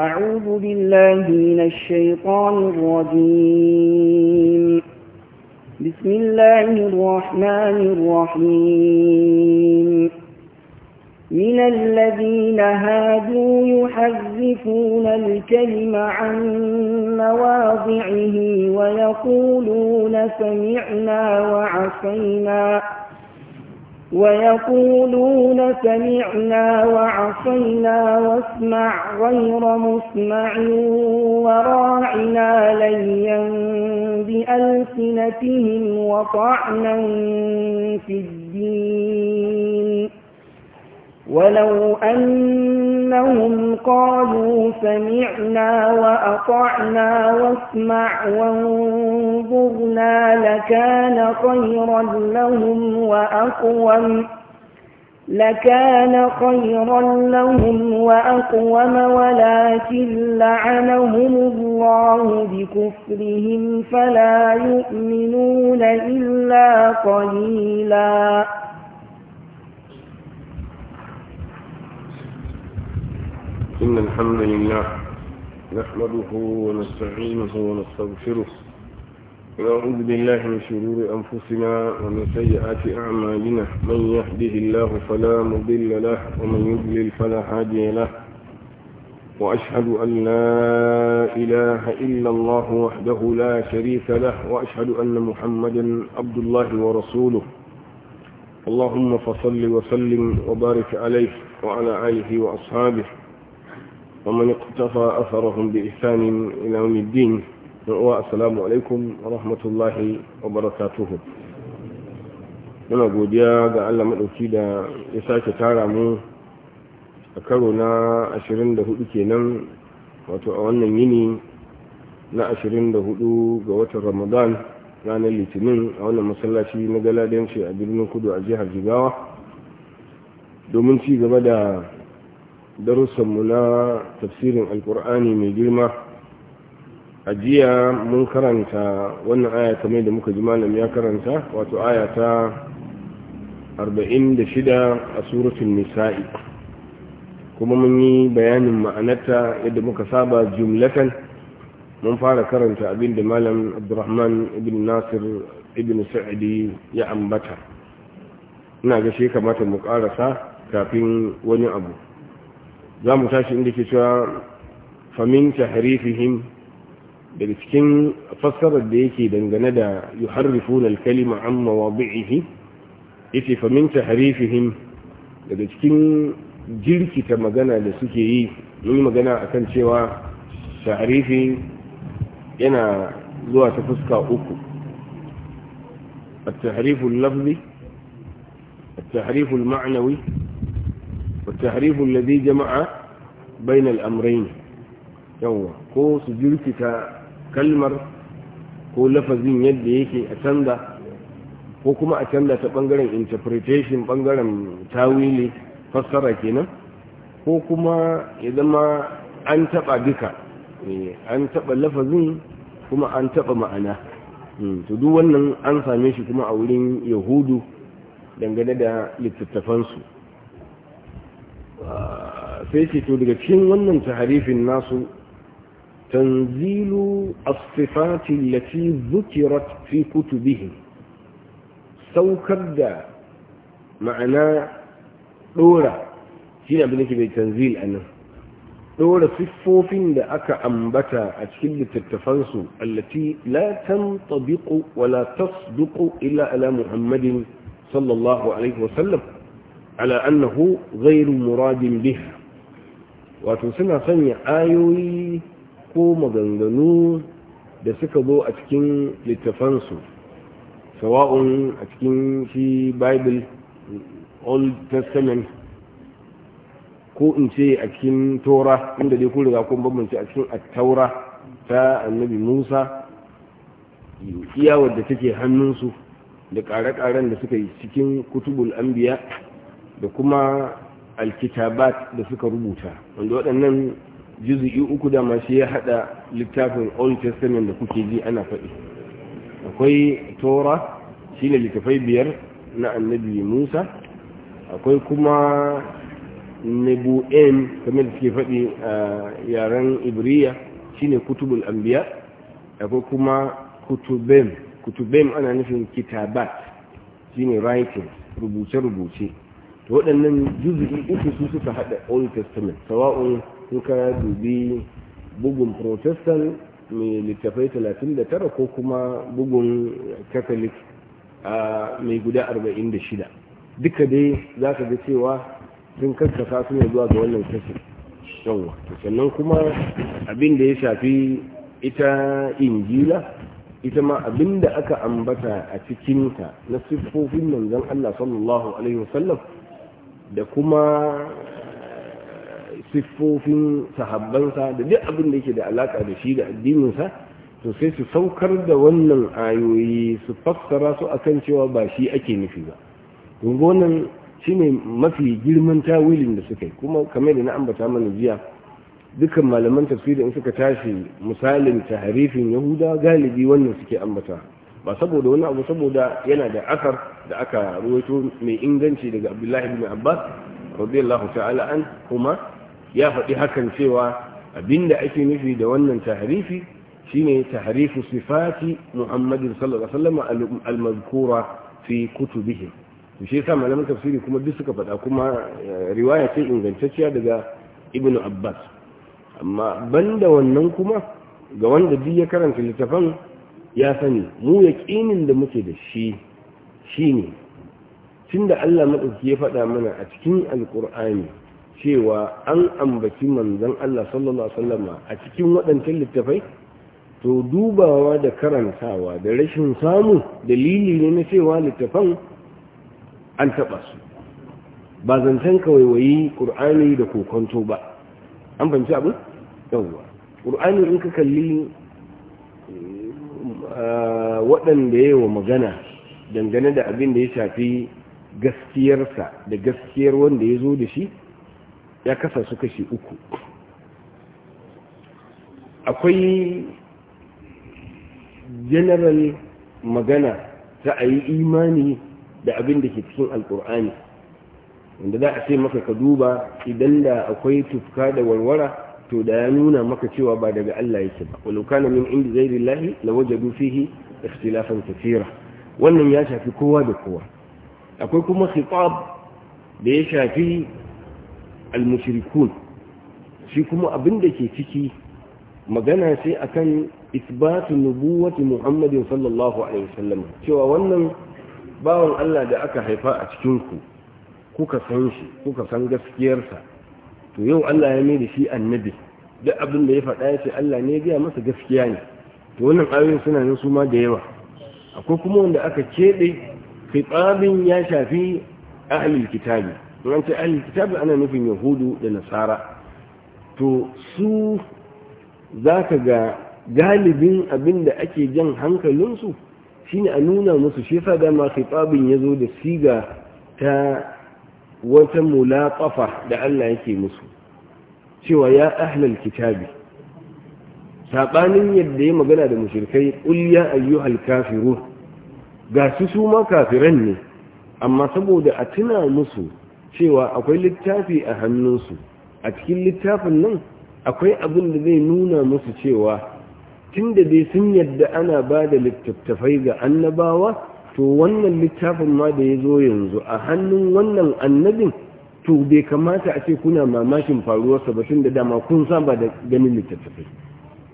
أعوذ بالله من الشيطان الرجيم بسم الله الرحمن الرحيم من الذين هادوا يحذفون الكلم عن مواضعه ويقولون سمعنا وعصينا ويقولون سمعنا وعصينا واسمع غير مسمع وراعنا ليا بألسنتهم وطعنا في الدين ولو أن أنهم قالوا سمعنا وأطعنا واسمع وانظرنا لكان خيرا لهم وأقوم لكان خيرا لهم وأقوم ولكن لعنهم الله بكفرهم فلا يؤمنون إلا قليلاً إن الحمد لله نحمده ونستعينه ونستغفره ونعوذ بالله من شرور أنفسنا ومن سيئات أعمالنا من يهده الله فلا مضل له ومن يضلل فلا هادي له وأشهد أن لا إله إلا الله وحده لا شريك له وأشهد أن محمدا عبد الله ورسوله اللهم فصل وسلم وبارك عليه وعلى آله وأصحابه ومن اقتفى أثرهم بإحسان إلى يوم الدين السلام alaikum wa rahmatullahi wa barakatuhu muna godiya ga Allah maɗauki da ya sake tara mu a karo na 24 kenan wato a wannan yini na 24 ga watan ramadan ranar litinin a wannan masallaci na galadanci a birnin kudu a jihar jigawa domin ci gaba da darussanmu na tafsirin alkur'ani mai girma a jiya mun karanta wannan ayata mai da muka ji malam ya karanta wato aya ta 46 a suratul nisa'i kuma mun yi bayanin ma'anarta yadda muka saba jumlatan mun fara karanta abin da malam abdurrahman ibn nasir ibn sa'adi ya ambata ina ga shi kamata mu karasa kafin wani abu za mu tashi inda ke cewa famin tahrifihim daga cikin fassarar da yake dangane da yuharrifuna al-kalima an mawadi'ihi yace famin tahrifihim daga cikin jirkita magana da suke yi mun magana akan cewa tahrifi yana zuwa ta fuska uku at-tahrifu al-lafzi at-tahrifu والتحريف الذي جمع jama'a الأمرين يوه كو سجلتك كلمر ko lafazin yadda yake a canza ko kuma a canza ta bangaren interpretation bangaren tawili fassara kenan ko kuma ya zama an taba duka an taba lafazin kuma an taba ma'ana to duk wannan an same shi kuma a wurin yahudu dangane da littattafansu sai ce to daga cikin wannan taharifin nasu tanzilu as-sifati allati dhukirat fi kutubihim saukar da ma'ana dora shine abin da ke bai tanzil anan dora siffofin da aka ambata a cikin littattafansu allati la tantabiqu wa la tasduqu illa ala muhammadin sallallahu alaihi wa sallam ala annahu ghayru muradin biha wato suna sanya ayoyi ko maganganu da suka zo a cikin littafansu sawa'un a cikin shi bible old testament ko in ce a cikin tora inda dai kun riga kun bambance a cikin attaura ta annabi musa iya wadda take hannunsu da ƙare-ƙaren da suka yi cikin kutubul anbiya da kuma alkitabat da suka rubuta wanda waɗannan juzu'i uku da masu ya haɗa littafin old testament da kuke ji ana faɗi akwai tora shine littafai biyar na annabi musa akwai kuma nebu'en kamar da suke faɗi a yaren ibriya shine kutubul ambiya akwai kuma kutubem kutubem ana nufin kitabat shine writing rubuce-rubuce to waɗannan jirgin uku su suka haɗa old testament sawa'un in ka dubi bugun protestant mai littafai 39 ko kuma bugun catholic mai guda 46 duka dai za ka ga cewa sun karkasa su ne zuwa ga wannan kashi yawwa sannan kuma abin da ya shafi ita injila ita ma abin da aka ambata a cikinta na siffofin manzon Allah sallallahu alaihi wasallam da kuma eh, siffofin sahabbansa da duk abin da yake da alaka da shi da addininsa to sai su saukar da wannan ayoyi su fassara su akan cewa ba shi ake nufi ba gungonan shi shine mafi girman tawilin da suka yi kuma kamar da na ambata mana jiya dukkan malaman tafsirin suka tashi misalin taharifin yahuda galibi wannan suke ambata ba saboda wani abu saboda yana da asar da aka ruwaito mai inganci daga abdullahi bin abbas radiyallahu ta'ala an kuma ya faɗi hakan cewa abinda ake nufi da wannan tahrifi shine tahrifu sifati muhammadin sallallahu alaihi wasallam al-mazkura fi kutubihim to shi yasa malaman tafsiri kuma duk suka faɗa kuma eh, riwaya ce ingantacciya daga ibn abbas amma banda wannan kuma ga wanda duk ya karanta littafan ya sani mu yaƙinin da muke da shi shi shine tunda Allah maɗauki ya faɗa mana a cikin Alƙur'ani cewa an ambaci manzon Allah sallallahu alaihi a cikin waɗancan littafai to dubawa da karantawa da rashin samu dalili ne na cewa littafan an taɓa su ba zancen kawaiwayi ƙur'ani da kokonto ba an fahimci abin yawwa ƙur'ani in ka kalli waɗanda ya yi wa magana dangane da abin da ya shafi gaskiyarsa da gaskiyar wanda ya zo da shi ya kasa su kashi uku akwai general magana ta a yi imani da abin da ke cikin alkur'ani wanda za a ce maka ka duba idan da akwai tufka da warwara to da ya nuna maka cewa ba daga Allah yake ba walau kana min indi ghairi llahi lawajadu fihi ikhtilafan kathira wannan ya shafi kowa da kowa akwai kuma khitab da ya shafi al-mushrikun shi kuma abin da ke ciki magana sai akan isbatu nubuwati muhammadin sallallahu alaihi wasallam cewa wannan bawan Allah da aka haifa a cikin ku kuka san shi kuka san gaskiyarsa to yau Allah ya mai da shi annabi duk abin da ya faɗa ya ce Allah ne ya gaya masa gaskiya ne to wannan ayoyin suna nan su ma da yawa akwai kuma wanda aka keɓe fitsabin ya shafi ahlul kitabi don ce ahlul kitabi ana nufin yahudu da nasara to su za ka ga galibin abin da ake jan hankalinsu shine a nuna musu shi yasa dama fitsabin ya zo da siga ta wata mulaƙafa da Allah yake musu cewa ya ahlal kitabi saɓanin yadda ya magana da mushrikai ƙul ya ayyuhal kafiru ga su su ma kafiran ne amma saboda a tuna musu cewa akwai littafi a hannunsu a cikin littafin nan akwai abin da zai nuna musu cewa tun dai sun yadda ana ba da littattafai ga annabawa to wannan littafin ma da ya zo yanzu a hannun wannan annabin to bai kamata a ce kuna mamakin faruwarsa ba tun da dama kun saba da ganin littattafai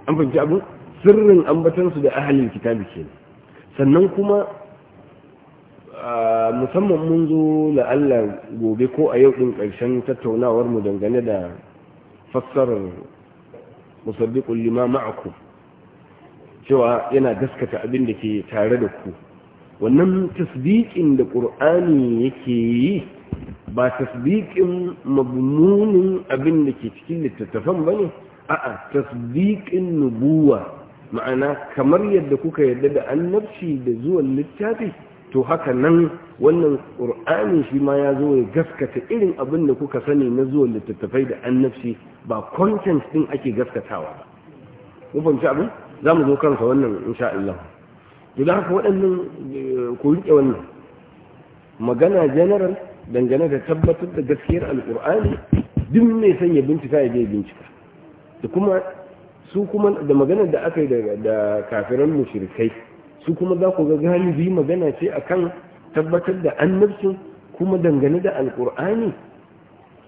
an fahimci abin sirrin ambatansu da ahalin kitabi ke sannan kuma musamman mun zo la'alla gobe ko a yau ɗin ƙarshen tattaunawar mu dangane da fassarar musabbiƙun lima ma'aku cewa yana gaskata abin da ke tare da ku wannan tasbiƙin da ƙur'ani yake yi ba tasbiƙin mabmunin abin da ke cikin littattafan ba ne a'a tasbiƙin nubuwa ma'ana kamar yadda kuka yarda da annabci da zuwan littafi to haka nan wannan ƙur'ani shi ma ya zo ya gaskata irin abin da kuka sani na zuwan littattafai da annabci ba content din ake gaskatawa ba mun fahimci abin za mu zo kansa wannan insha Allah to haka waɗannan eh, ku riƙe wannan magana general dangane da tabbatar da gaskiyar alƙur'ani duk mai san ya bincika ya je bincika da kuma su kuma da maganar da aka yi da kafiran mushrikai su kuma za ku ga galibi magana ce akan tabbatar da annabcin kuma dangane da alkur'ani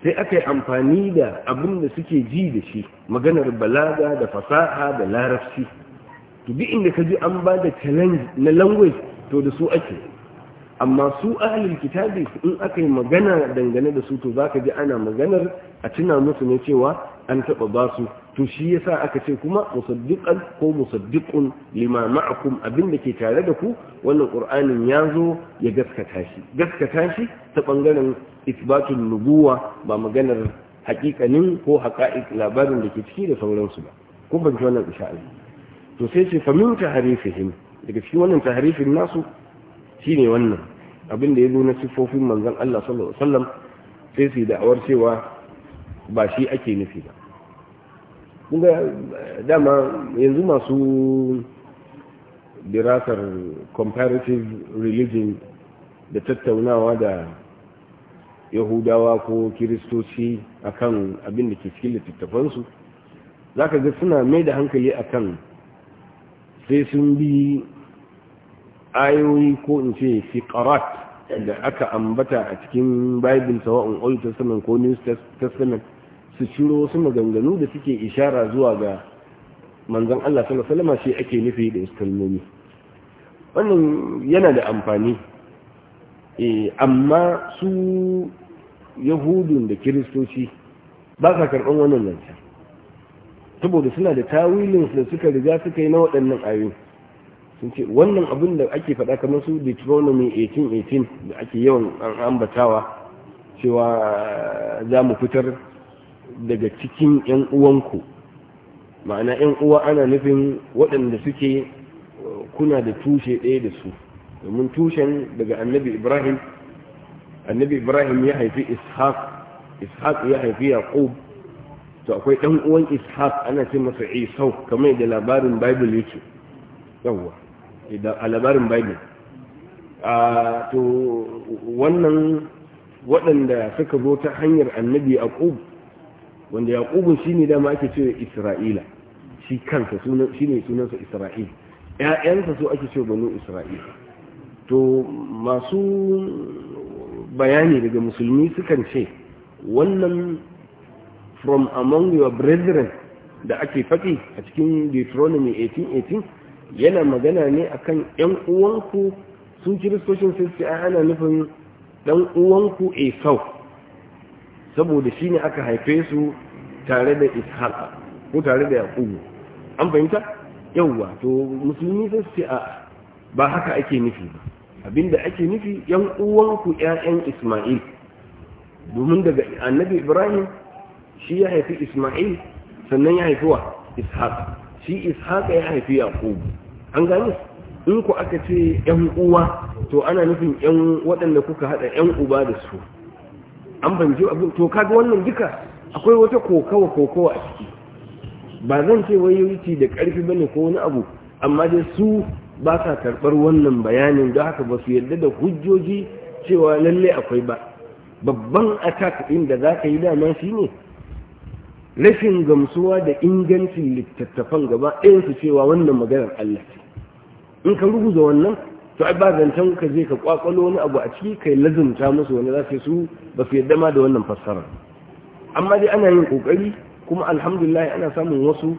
sai aka yi amfani da abin da suke ji da shi maganar balaga da fasaha da larabci to duk inda ka ji an ba da challenge na language to da su ake amma su ahalin kitabi in aka yi magana dangane da su to za ka ji ana maganar a tuna musu ne cewa an taɓa ba su to shi yasa aka ce kuma musaddiqan ko musaddiqun lima ma'akum abin da ke tare da ku wannan qur'anin ya zo ya gaskata shi gaskata shi ta bangaren isbatun nubuwa ba maganar hakikanin ko haqa'iq labarin da ke ciki da sauransu ba kun ci wannan insha Allah to sai ce famin taharifihim daga cikin wannan taharifin nasu shine wannan abin da ya zo na sifofin manzon Allah sallallahu alaihi wasallam sai su da'awar cewa ba shi ake nufi ba dama yanzu masu dirasar comparative religion da tattaunawa da yahudawa ko kiristoci akan abin da ke cikin littattafansu za ka ga suna mai da hankali akan sai sun bi ayoyi ko in ce fiqarat da aka ambata a cikin bible sawa'un old testament ko new testament su ciro wasu maganganu da suke ishara zuwa ga manzon Allah sallallahu alaihi wasallam shi ake nufi da kalmomi wannan yana da amfani eh, amma su yahudun da kiristoci ba sa karɓar wannan lantarki. saboda suna da tawilin da suka riga suka yi na waɗannan ayoyi sun ce wannan abin da ake faɗa kamar su deuteronomy 18:18 da ake yawan an ambatawa cewa ah, za mu fitar daga cikin 'yan uwanku ma'ana 'yan uwa ana nufin waɗanda suke eh, kuna da tushe ɗaya da su domin tushen daga annabi ibrahim annabi ibrahim ya haifi ishaq ishaq ya haifi yaqub to akwai dan uwan ishaq ana ce masa isau kamar da labarin bible yake yawa idan a labarin bible a to wannan waɗanda suka zo ta hanyar annabi yaqub wanda yaqub shine dama ake cewa isra'ila shi kansa sunan shine sunansa isra'il ƴaƴansa su ake cewa banu isra'il to masu bayani daga musulmi sukan ce wannan from among your brethren da ake faɗi a cikin Deuteronomy 18:18 yana magana ne akan ƴan uwanku sun kiristocin sun ana nufin ɗan uwanku Esau saboda shi ne aka haife su tare da Ishaq ko tare da Yaqubu an fahimta yawwa to musulmi sun ce a ba haka ake nufi ba abinda ake nufi ƴan uwanku ƴaƴan Ismail domin daga annabi Ibrahim shi ya haifi Isma'il sannan ya haifi wa Ishaq shi Ishaq ya haifi Yaqub an gane in ku aka ce ƴan uwa to ana nufin ƴan waɗanda kuka hada ƴan uba da su an banje abin to kaga wannan duka akwai wata kokawa kokawa a ciki ba zan ce wai yuci da ƙarfi bane ko wani abu amma dai su ba sa karɓar wannan bayanin don haka ba su yarda da hujjoji cewa lallai akwai ba babban attack ɗin da za ka yi dama shi ne rashin gamsuwa da ingancin littattafan gaba ɗayan su cewa wannan maganar Allah ce in ka rubuta wannan to ai ba zancen ka je ka kwakwalo wani abu a ciki kai lazumta musu wani za su ba su yadda ma da wannan fassara amma dai ana yin kokari kuma alhamdulillah ana samun wasu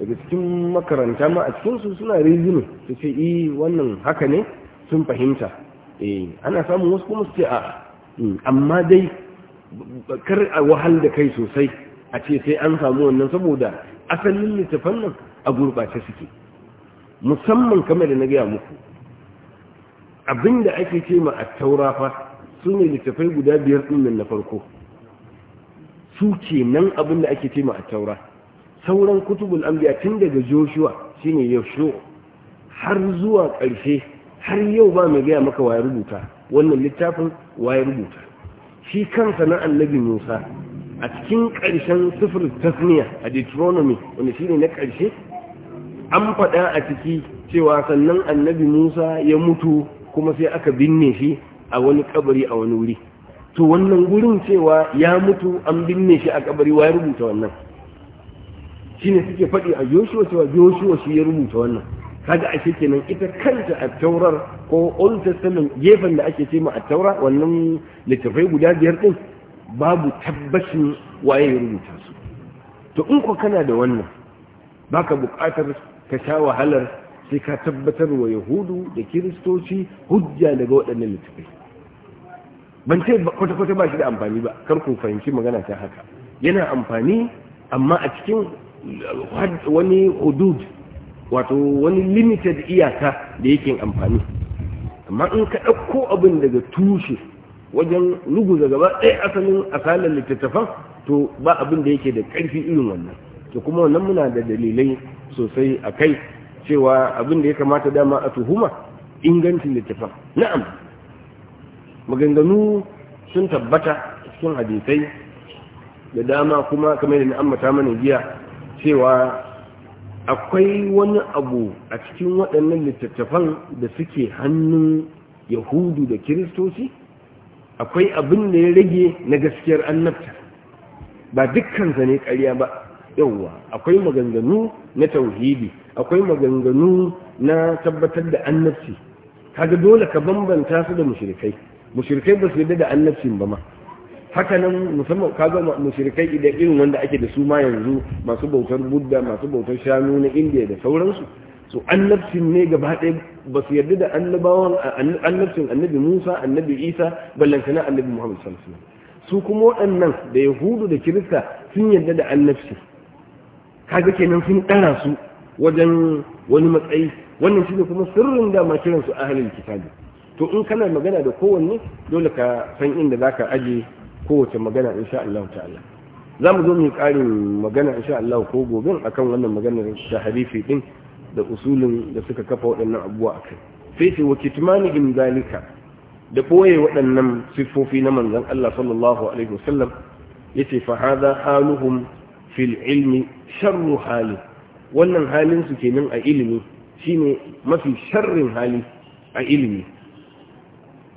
daga cikin makaranta ma a cikin su suna rizini su ce eh wannan haka ne sun fahimta eh ana samun wasu kuma su ce a hmm, amma dai kar a wahal da kai sosai a ce sai an samu wannan saboda asalin littafan nan a gurbace suke musamman kamar da na gaya muku abinda ake ce ma a taurafa su ne littafai guda biyar ɗin na farko su ce nan abinda ake ce ma a taura sauran kutubul ambiya tun daga joshua shine yaushe har zuwa ƙarshe har yau ba mai gaya maka waye rubuta wannan littafin waye rubuta shi kansa na annabi musa a cikin ƙarshen sifir tasniya a deuteronomy wanda shi ne na ƙarshe an faɗa a ciki cewa sannan annabi musa ya mutu kuma sai aka binne shi a wani kabari a wani wuri to wannan gurin cewa ya mutu an binne shi a kabari wa ya rubuta wannan shi ne suke faɗi a joshua cewa joshua shi ya rubuta wannan kaga a kenan ita kanta a taurar ko old testament gefen da ake ce ma a taura wannan littafai guda biyar din babu tabbacin waye ya rubuta su to in ko kana da wannan baka buƙatar ka sha wahalar sai ka tabbatar wa yahudu da kiristoci hujja daga waɗannan littafai ban ce kwata-kwata ba shi da amfani ba kar ku fahimci magana ta haka yana amfani amma a cikin wani hudud wato wani limited iyaka da yake amfani amma in ka ɗauko abin daga tushe wajen ruguza gaba ɗaya asalin asalin littattafan to ba abin da yake da ƙarfi irin wannan to kuma wannan muna da dalilai sosai a kai cewa abin da ya kamata dama a tuhuma ingancin littattafan na'am maganganu sun tabbata cikin hadisai da dama kuma kamar da na mata mana jiya cewa akwai wani abu a cikin waɗannan littattafan da suke hannun yahudu da kiristoci akwai abin da ya rage na gaskiyar annabta ba dukkan ne ƙarya ba yauwa akwai maganganu na tauhidi akwai maganganu na tabbatar da annabci kaga dole ka bambanta su da mushirikai. mushrikai ba su yarda da annabcin ba ma haka nan musamman kaga mushrikai idan irin wanda ake da su ma yanzu masu bautar budda masu bautar shanu na indiya da sauransu so annabcin ne gaba ɗaya ba su yarda da annabawan annabcin annabi musa annabi isa ballantana annabi muhammad sallallahu alaihi wasallam su kuma waɗannan da yahudu da kirista sun yarda da annabci kaga kenan sun ɗara su wajen wani matsayi wannan shi ne kuma sirrin dama kiran su ahalin kitabi to in kana magana da kowanne dole ka san inda zaka aje kowace magana insha Allah ta'ala za mu zo mu yi ƙarin magana insha Allah ko gobe akan wannan maganar ta hadisi din da usulin da suka kafa waɗannan abubuwa a kai sai ce wa kitmanihim zalika da ɓoye waɗannan siffofi na manzon Allah sallallahu alaihi wasallam yace fa hadha haluhum fil ilmi sharru hali wannan halin su kenan a ilimi shine mafi sharrin hali a ilimi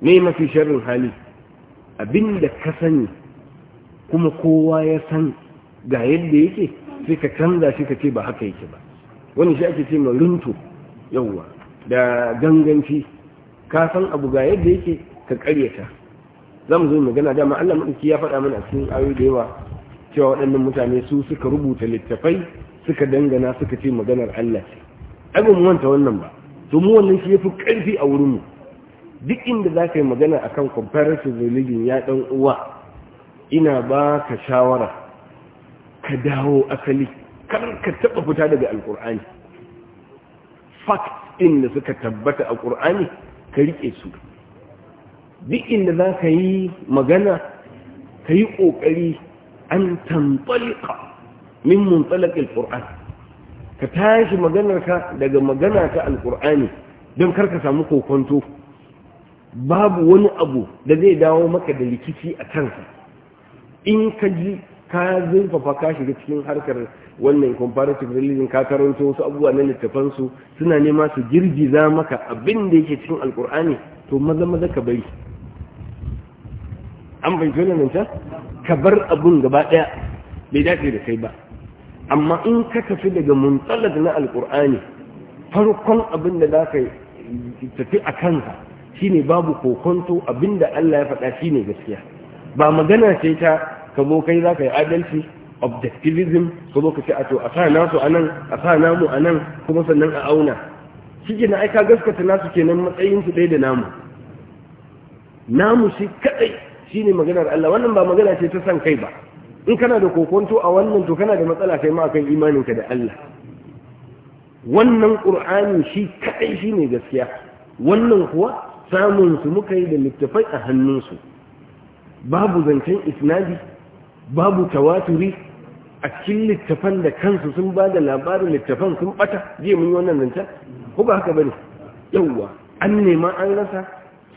ne mafi sharrin hali abinda ka sani kuma kowa ya san ga yadda yake sai ka canza shi ka ce ba haka yake ba wani shi ake ce mai runtu yawwa da ganganci ka san abu ga yadda yake ka karyata za mu zo magana dama Allah maɗauki ya faɗa mana cikin ayoyi da yawa cewa waɗannan mutane su suka rubuta littafai suka dangana suka ce maganar Allah ce ai ba mu wanta wannan ba to mu wannan shi yafi ƙarfi a wurin mu duk inda za ka yi magana akan comparative religion ya ɗan uwa ina ba ka shawara ka dawo asali kar ka taba fita daga alkur'ani fact din da suka tabbata a ƙur'ani ka rike su duk inda za ka yi magana ka yi ƙoƙari an tambalika min muntsalakin ƙur'an ka tashi maganarka daga magana ta alƙur'ani don kar ka samu kokonto babu wani abu da zai dawo maka da rikici a kansa in ka ji ka zurfafa ka shiga cikin harkar wannan comparative religion ka karanto wasu abubuwa na littafan su suna nema su girgiza maka abin da yake cikin alkur'ani to maza maza ka bari an bai tole nan ta ka bar abun gaba daya bai dace da kai ba amma in ka tafi daga muntalat na alkur'ani farkon abin da za ka tafi a kansa shine babu kokonto abin da Allah ya faɗa shine gaskiya ba magana sai ta ka zo kai za yi adalci objectivism ko zo ka ce a to a sa nasu anan a sa namu anan kuma sannan a auna shi ke na aika gaskata nasu kenan matsayin su ɗaya da namu namu shi kadai shine maganar Allah wannan ba magana ce ta san kai ba in kana da kokonto a wannan to kana da matsala kai ma akan imaninka da Allah wannan qur'ani shi kadai shine gaskiya wannan kuwa samun su muka yi da littafai a hannunsu babu zancen isnadi babu tawaturi a cikin littafan da kansu sun ba da labarin littafan sun bata je mun yi wannan zancen ko ba haka bane yawwa an nema an rasa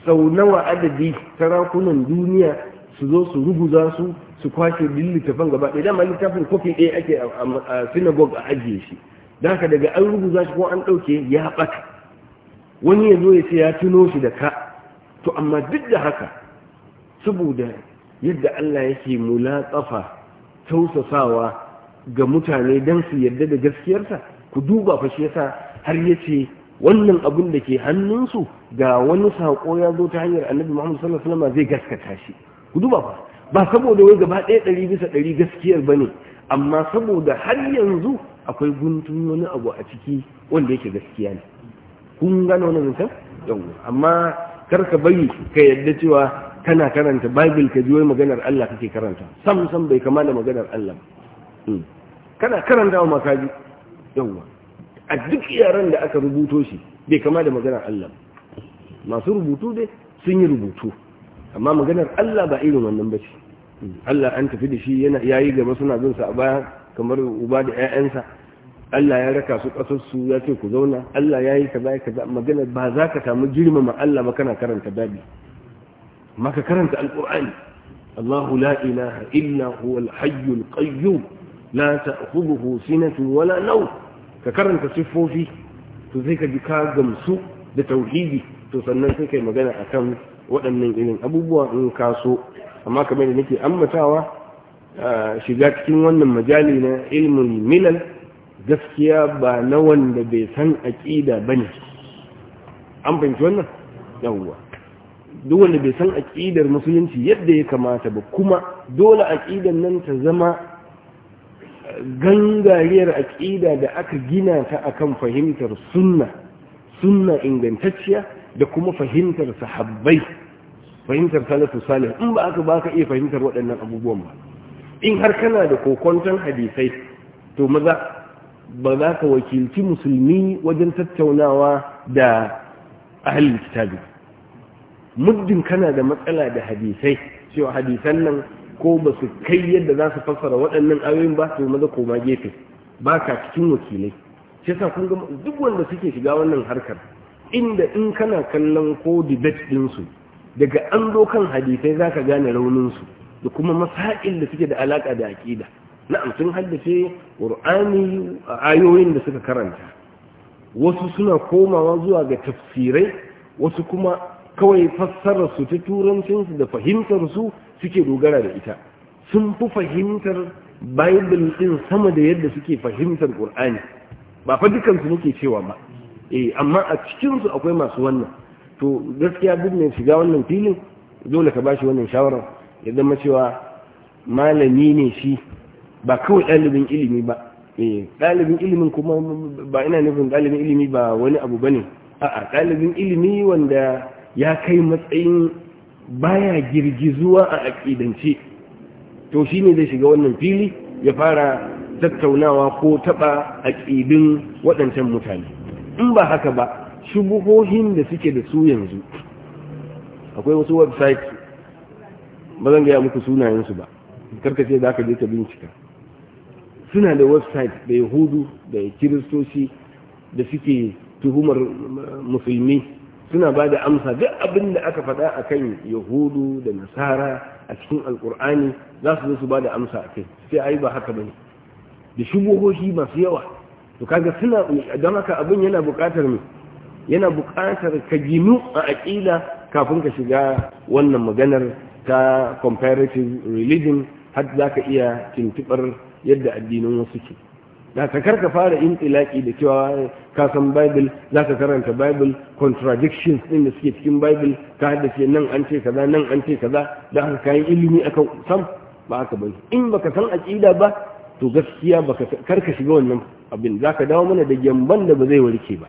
sau nawa adadi sarakunan duniya su zo su rubuza su su kwashe din littafan gaba ɗaya dama littafin kofi ɗaya ake a synagogue a ajiye shi da haka daga an rubuza shi ko an ɗauke ya ɓata wani ya zo ya ce ya tuno shi da ka to amma duk da haka saboda yadda Allah yake mulatsafa tausasawa ga mutane don su yarda da gaskiyarsa ku duba fa shi yasa har yace wannan abin da ke hannunsu ga wani sako ya zo ta hanyar annabi muhammad sallallahu alaihi wasallam zai gaskata shi ku duba fa ba saboda wai gaba ɗaya ɗari bisa ɗari gaskiyar bane amma saboda har yanzu akwai guntun wani abu a ciki wanda yake gaskiya ne kun gane wannan zancen amma kar ka bari ka yarda cewa kana karanta bible ka ji wai maganar Allah kake karanta sam sam bai kama da maganar Allah hmm. kana karanta wa makaji yawwa a duk yaran da aka rubuto shi bai kama da maganar Allah masu rubutu dai sun yi rubutu amma maganar Allah ba irin wannan ba ce hmm. Allah an tafi da shi ya yi gaba suna bin sa a baya kamar uba da ƴaƴansa Allah ya raka su ƙasar ya ce ku zauna Allah ya yi kaza kaza maganar ba za ka samu girmama Allah ba kana karanta babi amma ka karanta alqur'ani Allahu la ilaha illa huwal hayyul qayyum la ta'khudhuhu sinatun wala nawm ka karanta siffofi to sai ka ji ka gamsu da tauhidi to sannan sai kai magana akan waɗannan irin abubuwa in ka so amma kamar da nake ammatawa shiga cikin wannan majali na ilmin milal gaskiya ba na wanda bai san aƙida bane an fahimci wannan yawwa duk wanda bai san aƙidar musulunci yadda ya kamata ba kuma dole aƙidar nan ta zama gangariyar aƙida da aka gina ta akan fahimtar sunna sunna ingantacciya da kuma fahimtar sahabbai fahimtar salatu salih in ba aka ba ka iya fahimtar waɗannan abubuwan ba in har kana da kokonton hadisai to maza ba za ka wakilci musulmi wajen tattaunawa da ahalin kitabi muddin kana da matsala da hadisai cewa hadisan nan ko ba su kai yadda za su fassara waɗannan ayoyin ba su maza koma gefe ba ka cikin wakilai shi sa kun gama duk wanda suke shiga wannan harkar inda in kana kallon ko debate ɗinsu daga an zo kan hadisai za ka gane rauninsu da kuma masa'il da suke da alaƙa da aƙida na'am sun haddace ƙur'ani a ayoyin da suka karanta wasu suna komawa zuwa ga tafsirai wasu kuma kawai fassarar su ta turancinsu da fahimtar su suke dogara da ita sun fi fahimtar bible din sama da yadda suke fahimtar qur'ani ba fa dukansu nake cewa ba eh amma a cikin su akwai masu wannan to gaskiya duk mai shiga wannan filin dole ka bashi wannan shawara ya zama cewa malami ne shi ba kawai ɗalibin ilimi ba eh ɗalibin ilimin kuma ba ina nufin ɗalibin ilimi ba wani abu bane a'a ɗalibin ilimi wanda ya kai matsayin baya girgizuwa a aƙidance to shi ne zai shiga wannan fili ya fara tattaunawa ko taɓa aƙidin waɗancan mutane in ba haka ba shubuhohin da suke da su yanzu akwai wasu website ba zan gaya muku sunayensu ba karkace za ka je ta bincika suna da website da yahudu da kiristoci da suke tuhumar eh, musulmi suna ba da amsa duk abin da aka faɗa a kan yahudu da nasara a cikin alkur'ani za su zo su ba da amsa a kai sai ai ba haka ba ne da shubuhoshi masu yawa to kaga suna don haka abin yana buƙatar yana buƙatar ka ginu a aƙila kafin ka shiga wannan maganar ta comparative religion har za ka iya tuntuɓar yadda addinin wasu ke da ka karka fara intilaki da cewa ka san bible za ka karanta bible contradictions din da suke cikin bible ka ce nan an ce kaza nan an ce kaza da haka kayan ilimi akan sam ba haka bane in baka san aqida ba to gaskiya baka karka shiga wannan abin za ka dawo mana da gyamban da ba zai warke ba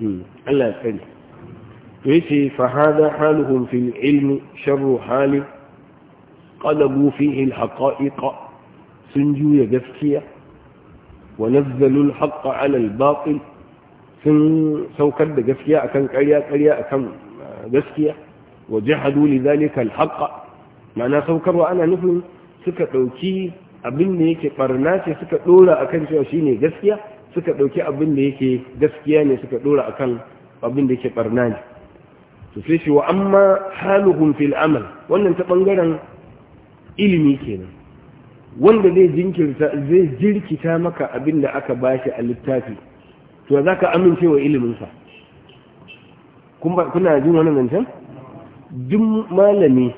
hmm, Allah ya tsare to yace fa hada haluhum fil ilmi sharru hali qalabu fihi al haqa'iq sun juya gaskiya wa nazzalu al-haqqa 'ala al sun saukar da gaskiya akan ƙarya ƙarya akan gaskiya wa jahadu lidhalika al-haqqa ma'ana saukarwa ana nufin suka dauki abin da yake barna ce suka dora akan cewa shine gaskiya suka dauki abin da yake gaskiya ne suka dora akan abin da yake barna ne to sai shi wa amma haluhum fil wannan ta ɓangaren ilimi kenan wanda zai jinkirta zai jirkita maka abin da aka shi a littafi to za ka amincewa iliminsa kuna jin wani zancen duk malami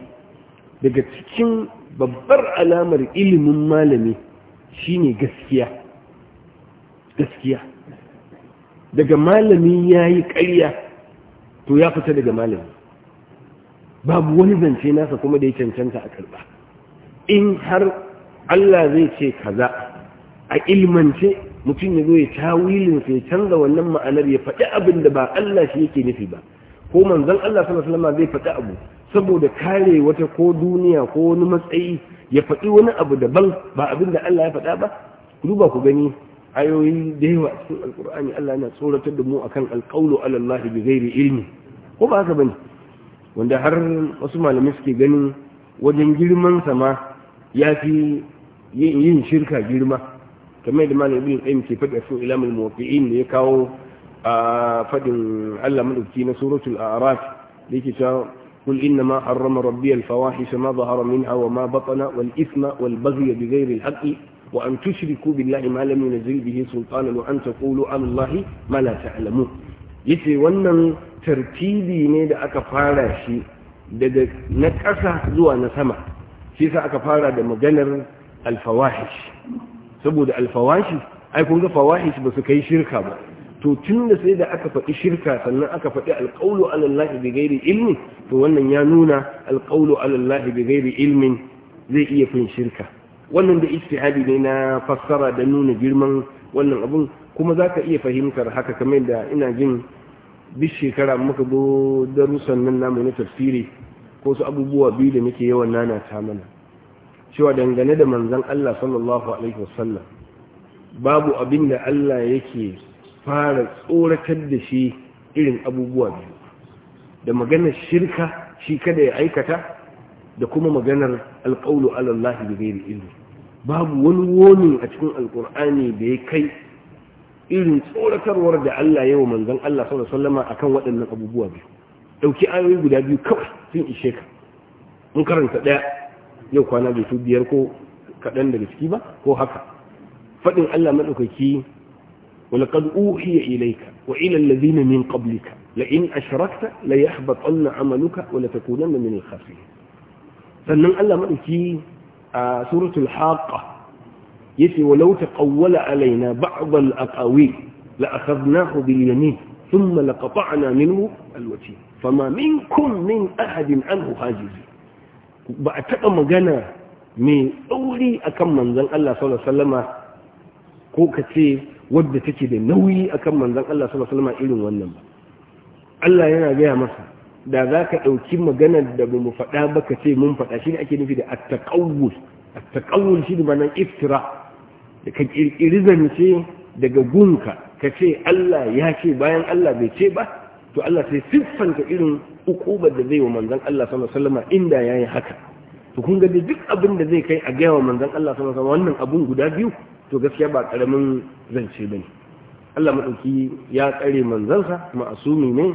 daga cikin babbar alamar ilimin malami shine gaskiya gaskiya daga malami ya yi ƙarya to ya fita daga malami babu wani zance nasa kuma da ya cancanta a karɓa in har Allah zai ce kaza a ilmance mutum ya zo ya tawilin ya canza wannan ma'anar ya faɗi abin da ba Allah shi yake nufi ba ko manzon Allah sallallahu alaihi zai faɗi abu saboda kare wata ko duniya ko wani matsayi ya faɗi wani abu daban ba abin da Allah ya faɗa ba duba ku gani ayoyi da yawa a cikin alkur'ani Allah yana tsoratar da mu akan alqawlu ala Allah bi ghairi ilmi ko ba haka bane wanda har wasu malamai suke ganin wajen girman sama ya fi yin shirka girma kamar da malam ibn qayyim ke faɗa cikin ilamul muwaqqi'in da ya kawo a fadin Allah madauki na suratul a'raf da yake cewa minha wa ma batana wal ithma wal baghy bi ghayri al والبغي wa an tushriku billahi ma lam yunzil bihi sultana wa an taqulu an الله ma la ta'lamu yace wannan tartibi ne da aka fara shi daga na ƙasa zuwa na sama shi sa aka fara da maganar alfawahish saboda alfawahish ai kun ga ba su kai shirka ba to tunda sai da aka faɗi shirka sannan aka faɗi alƙaulu alallahi bi gairi ilmin to wannan ya nuna alƙaulu alallahi bi gairi ilmin zai iya fin shirka wannan da istihadi ne na fassara da nuna girman wannan abun kuma za ka iya fahimtar haka kamar da ina jin duk shekara muka zo darussan nan namu na tafsiri ko su abubuwa biyu da muke yawan nana mana cewa dangane da manzan Allah sallallahu alaihi wasallam babu abin da Allah yake fara tsoratar da shi irin abubuwa biyu da maganar shirka shi kada ya aikata da kuma maganar alƙaulu alallahi da gairi ilu babu wani woni a cikin alƙur'ani da ya kai irin tsoratarwar da Allah yawa manzan Allah sallallahu akan waɗannan abubuwa biyu ɗauki ayoyi guda biyu kawai sun ishe ka in karanta ɗaya yau kwana da su biyar ko kaɗan daga ciki ba ko haka faɗin ولقد أوحي إليك وإلى الذين من قبلك لئن أشركت ليحبطن عملك ولتكونن من الخاسرين فان الله مدكي سورة الحاقة يتي ولو تقول علينا بعض الأقاويل لأخذناه باليمين ثم لقطعنا منه الوتين فما منكم من أحد عنه هاجزين ba a taɓa magana mai tsauri akan manzan Allah sallallahu ko ka ce wadda take da nauyi akan manzan Allah sallallahu irin wannan ba Allah yana gaya masa da za ka ɗauki maganar da ba mu faɗa ba ka ce mun faɗa shi ne ake nufi da attaƙawul attaqawul shi ne ba nan iftira da ka ƙirƙiri zance daga gunka ka ce Allah ya ce bayan Allah bai ce ba to Allah sai siffanta irin ukubar da zai wa manzan Allah sallallahu alaihi wasallam inda yayi haka to kun ga duk abin da zai kai a gaya wa manzan Allah sallallahu alaihi wannan abun guda biyu to gaskiya ba karamin zance bane Allah madauki ya tsare manzansa ma'asumi ne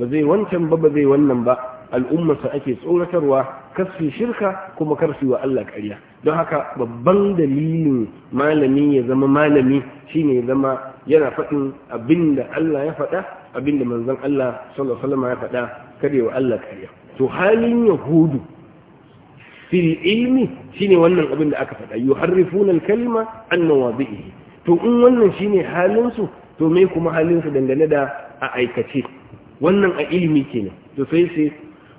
ba zai wancan ba ba zai wannan ba al'ummarsa ake tsoratarwa karfi shirka kuma karfi wa Allah karya. don haka babban dalilin malami ya zama malami shine ya zama yana faɗin abin da Allah ya faɗa abinda manzon Allah sallallahu alaihi wasallam ya faɗa kare wa Allah kariya to halin yahudu fil ilmi shine wannan abin da aka faɗa yuharrifuna al-kalima an mawadhihi to in wannan shine halin su to me kuma halin su dangane da a aikace wannan a ilimi kenan to sai sai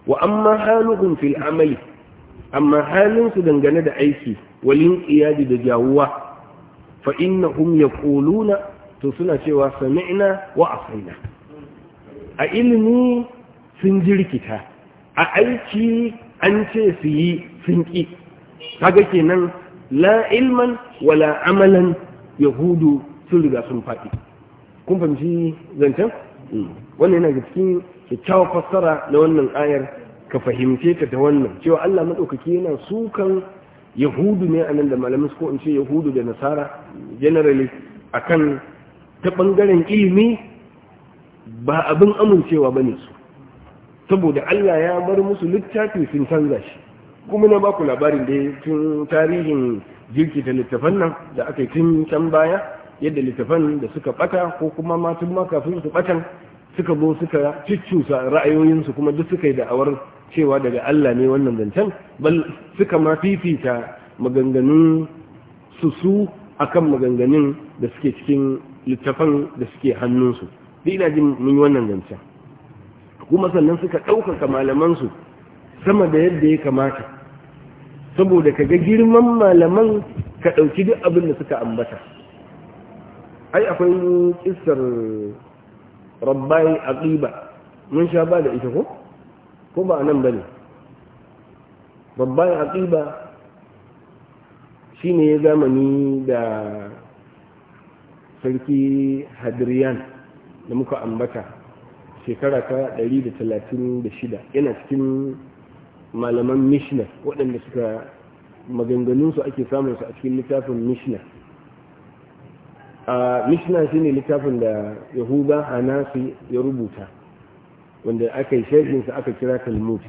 wa amma haluhum fil amali amma halin su dangane da aiki walin qiyadi da jawuwa fa innahum yaquluna to suna cewa sami'na wa asaina a ilimi sun jirkita a aiki an ce su yi sun ƙi kaga kenan la ilman wala amalan yahudu sun riga sun faɗi kun fahimci zancen mm. wannan yana ga cikin kyakkyawar fassara na wannan ayar ka fahimce ta da wannan cewa Allah maɗaukaki yana sukan yahudu ne a nan da malamin ko in ce yahudu da nasara generally akan ta ɓangaren ilimi ba abin amincewa ba ne su saboda Allah ya bar musu littafi sun canza shi kuma na baku labarin da tun tarihin ta littafan nan da aka yi tun can baya yadda littafan da suka bata ko kuma ma maka ma su batan suka zo suka ciccusa ra'ayoyinsu kuma duk suka yi da'awar cewa daga Allah ne wannan zancen bal suka ma fifita maganganun su su akan maganganun da suke cikin littafan da suke hannunsu da ina jin mun yi wannan zancen kuma sannan suka ɗaukaka malamansu sama da yadda ya kamata saboda ka ga girman malaman ka ɗauki duk abin da suka ambata ai akwai ƙisar rabbai aqiba mun sha ba da ita ko ko ba nan bane rabbai aqiba shine ya zamani da sarki hadriyan da muka ambata shekara ta 136 yana cikin malaman mishna waɗanda suka maganganunsu ake samunsu a cikin littafin mishna a mishna shi ne littafin da yahuda hanasi ya rubuta wanda aka yi shafinsa aka kira talmud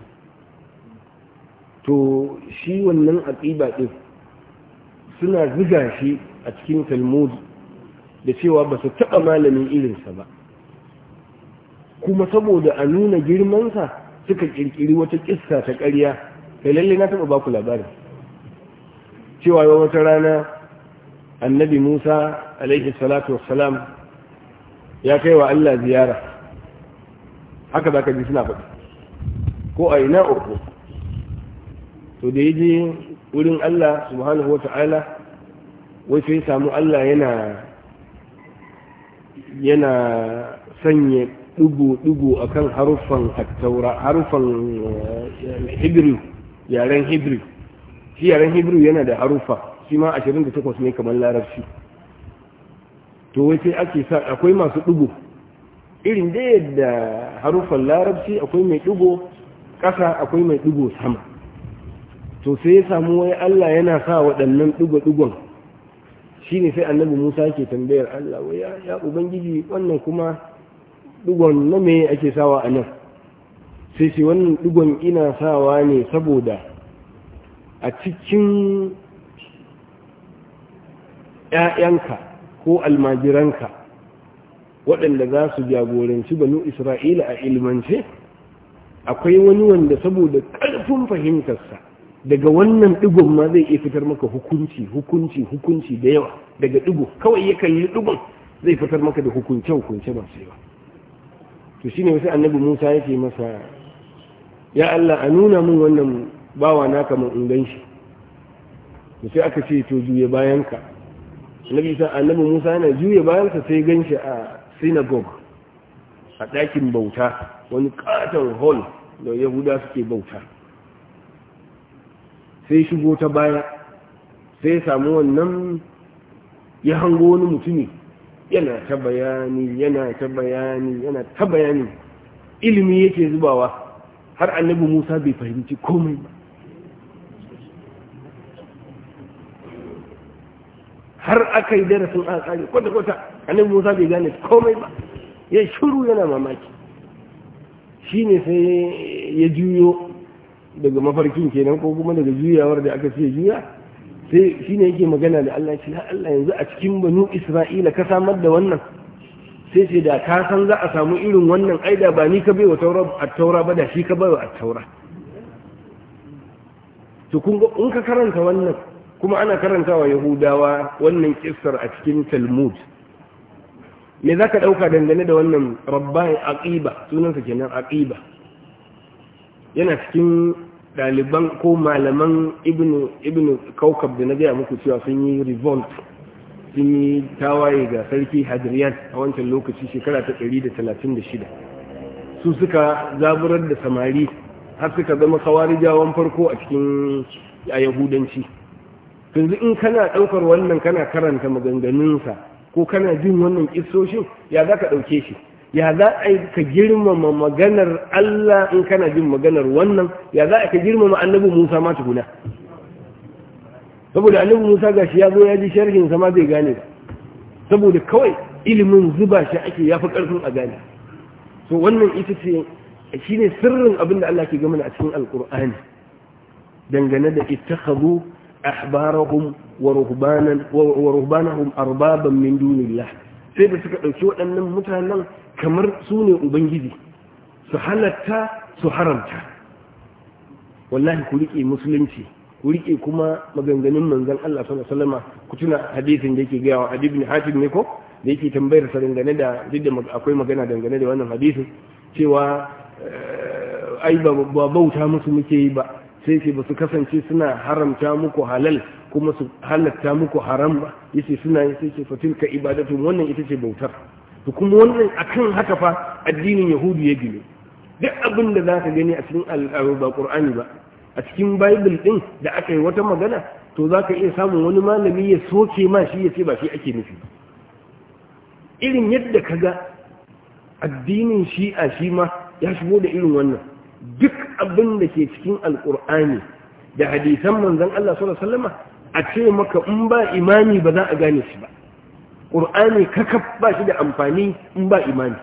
to shi wannan aƙiba ɗin suna ziga shi a cikin talmud da cewa ba su taɓa malamin irinsa ba kuma saboda a nuna girmansa suka kirkiri wata kissa ta ƙarya kai lalle na taɓa baku labarin cewa yau wata rana annabi musa alaihi salatu wassalam ya kai wa allah ziyara haka za ka ji suna faɗi ko a ina uku to da ya je wurin allah subhanahu wa ta'ala wai sai samu allah yana yana sanya dugu-dugu a kan haruffan attaura haruffan hibiru eh, yaren hibiru shi yaren hibiru yana da haruffa shi ma 28 ne kamar larabci to wai sai ake sa akwai masu dubu irin da yadda haruffan larabci akwai mai dubu ƙasa akwai mai dubu sama to sai ya samu wai Allah yana sa waɗannan dugo-dugon shi sai annabi musa ke tambayar Allah wai ya ubangiji wannan kuma digon na me ake sawa a nan sai shi wannan digon ina sawa ne saboda a cikin ‘ya'yanka ko almajiranka waɗanda za su jagoranci banu isra'ila a ilmance akwai wani wanda saboda ƙarfin fahimtarsa daga wannan ɗigon ma zai iya fitar maka hukunci hukunci hukunci da yawa daga ɗigo kawai ya kalli ɗigon zai fitar maka da hukunce hukunce masu yawa to shine wasu annabi Musa yake masa ya Allah a nuna mun wannan bawa naka mun in shi to sai aka ce to juye bayanka annabi Isa annabi Musa yana juye bayansa sai gan shi a synagogue a dakin bauta wani katon hall da yahuda suke bauta sai shigo ta baya sai ya samu wannan ya hango wani mutumi yana ta bayani yana ta bayani yana ta bayani ilimi yake zubawa har annabi Musa bai fahimci komai ba har aka yi darasin alƙari kwata-kwata annabi Musa bai gane komai ba ya shuru yana mamaki shi ne sai ya juyo daga mafarkin kenan ko kuma daga juyawar da aka ce juya sai shi ne yake magana da Allah ce Allah yanzu a cikin banu Isra'ila ka samar da wannan sai ce da ka san za a samu irin wannan aida ba ni ka bai wa taura ba da shi ka bai wa taura to kun ga in ka karanta wannan kuma ana karantawa yahudawa wannan kissar a cikin talmud me za ka ɗauka dangane da wannan rabban aƙiba, sunansa kenan aƙiba yana cikin daliban ko malaman ibnu kaukab da na gaya muku cewa sun yi revolt sun yi tawaye ga sarki hadrian a wancan lokaci shekara ta 136 su suka zaburar da samari har suka zama kawarijawan farko a cikin a yahudanci yanzu in kana ɗaukar wannan kana karanta maganganunsa ko kana jin wannan kissoshin ya za ka ɗauke shi ya za a yi ka girmama maganar Allah in kana jin maganar wannan ya za a ka girmama annabi Musa ma tukuna saboda annabi Musa gashi ya zo ya ji sharhin sa ma gane ba saboda kawai ilimin zuba shi ake ya fi a gane so wannan ita ce shine sirrin abin da Allah ke gamana a cikin alkur'ani dangane da ittakhadhu ahbarahum wa ruhbanan wa ruhbanahum arbaban min dunillah sai da suka ɗauki waɗannan mutanen kamar su ne ubangiji su halatta su haramta wallahi ku riƙe musulunci ku riƙe kuma maganganun manzon Allah sallallahu alaihi wasallam ku tuna hadisin da yake gaya wa Abi ibn Hatim ne ko da yake tambayar sa dangane da duk akwai magana dangane da wannan hadisin cewa eh, ai ba bauta musu muke yi ba sai ce ba su kasance suna haramta muku halal kuma su halatta muku haram ba yace suna yi sai ce fatilka Tun wannan ita ce bautar to kuma wannan akan haka fa addinin yahudu ya gino duk abin da za ka gani a cikin al'arba qur'ani ba a cikin bible din da aka yi wata magana to za ka iya samun wani malami ya soke ma shi ya ce ba shi ake nufi irin yadda ka ga addinin shi'a shi ma ya shigo da irin wannan duk abin da ke cikin alkur'ani da hadisan manzan Allah sallallahu alaihi a ce maka in ba imami ba za a gane shi ba ƙur'ani kakaf ba shi da amfani in ba imani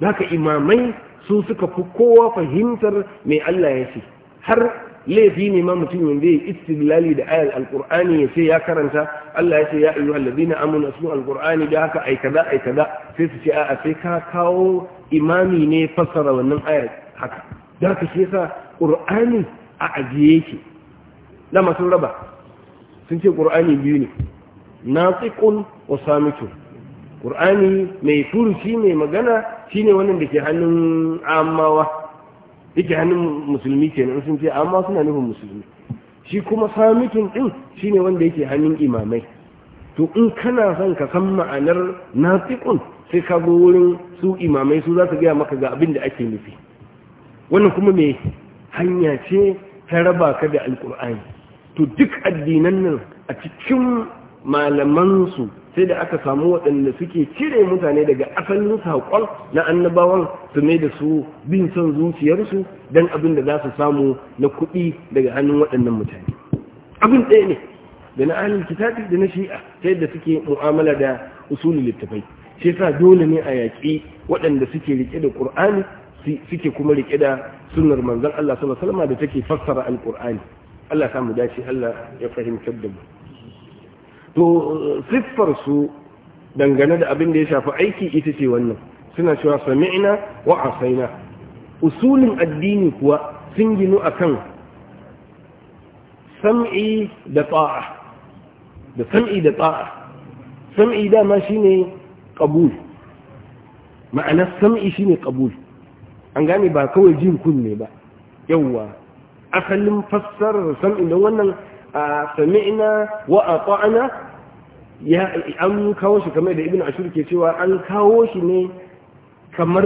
haka imamai su suka fi kowa fahimtar mai Allah ya ce har laifi ne ma mutum yanzu ya istilali da ayar alkur'ani ya ce ya karanta Allah ya ce ya ayyuha na amanu asmu alkur'ani da haka ai kaza ai kaza sai su ce a'a sai ka kawo imami ne fassara wannan ayar haka da haka shi yasa ƙur'ani a ajiye yake na masu raba sun ce ƙur'ani biyu ne Na nasiqun wa samitu qur'ani mai furuci mai magana shine wannan da ke hannun amawa yake hannun musulmi kenan sun ce amma suna nufin musulmi shi kuma samitun din shine wanda yake hannun imamai to in kana son ka san ma'anar nasiƙun sai ka go wurin su imamai su za su gaya maka ga abin da ake nufi wannan kuma me hanya ce ta raba ka da alkur'ani to duk addinan nan a cikin malamansu sai da aka samu waɗanda suke cire mutane daga asalin saƙon na annabawan su mai da su bin son zuciyarsu don abin da za su samu na kuɗi daga hannun waɗannan mutane abin ɗaya ne da na ahalin kitabi da na shi'a sai da suke mu'amala da usulun littafai shi sa dole ne a yaƙi waɗanda suke riƙe da ƙur'ani suke kuma riƙe da sunar manzon Allah sama alaihi wasallam da take fassara alƙur'ani Allah ya samu dace Allah ya fahimtar da mu to siffar su dangane da abin da ya shafi aiki ita ce wannan suna cewa sami'na wa asaina usulin addini kuwa sun ginu akan sam'i da ta'a da sam'i da ta'a sam'i dama shine qabul ma'ana sam'i shine kabul an gane ba kawai jin kunne ba yawwa asalin fassarar sam'i don wannan sami'na wa ya an kawo shi kamar da Ibn ashur ke cewa an kawo shi ne kamar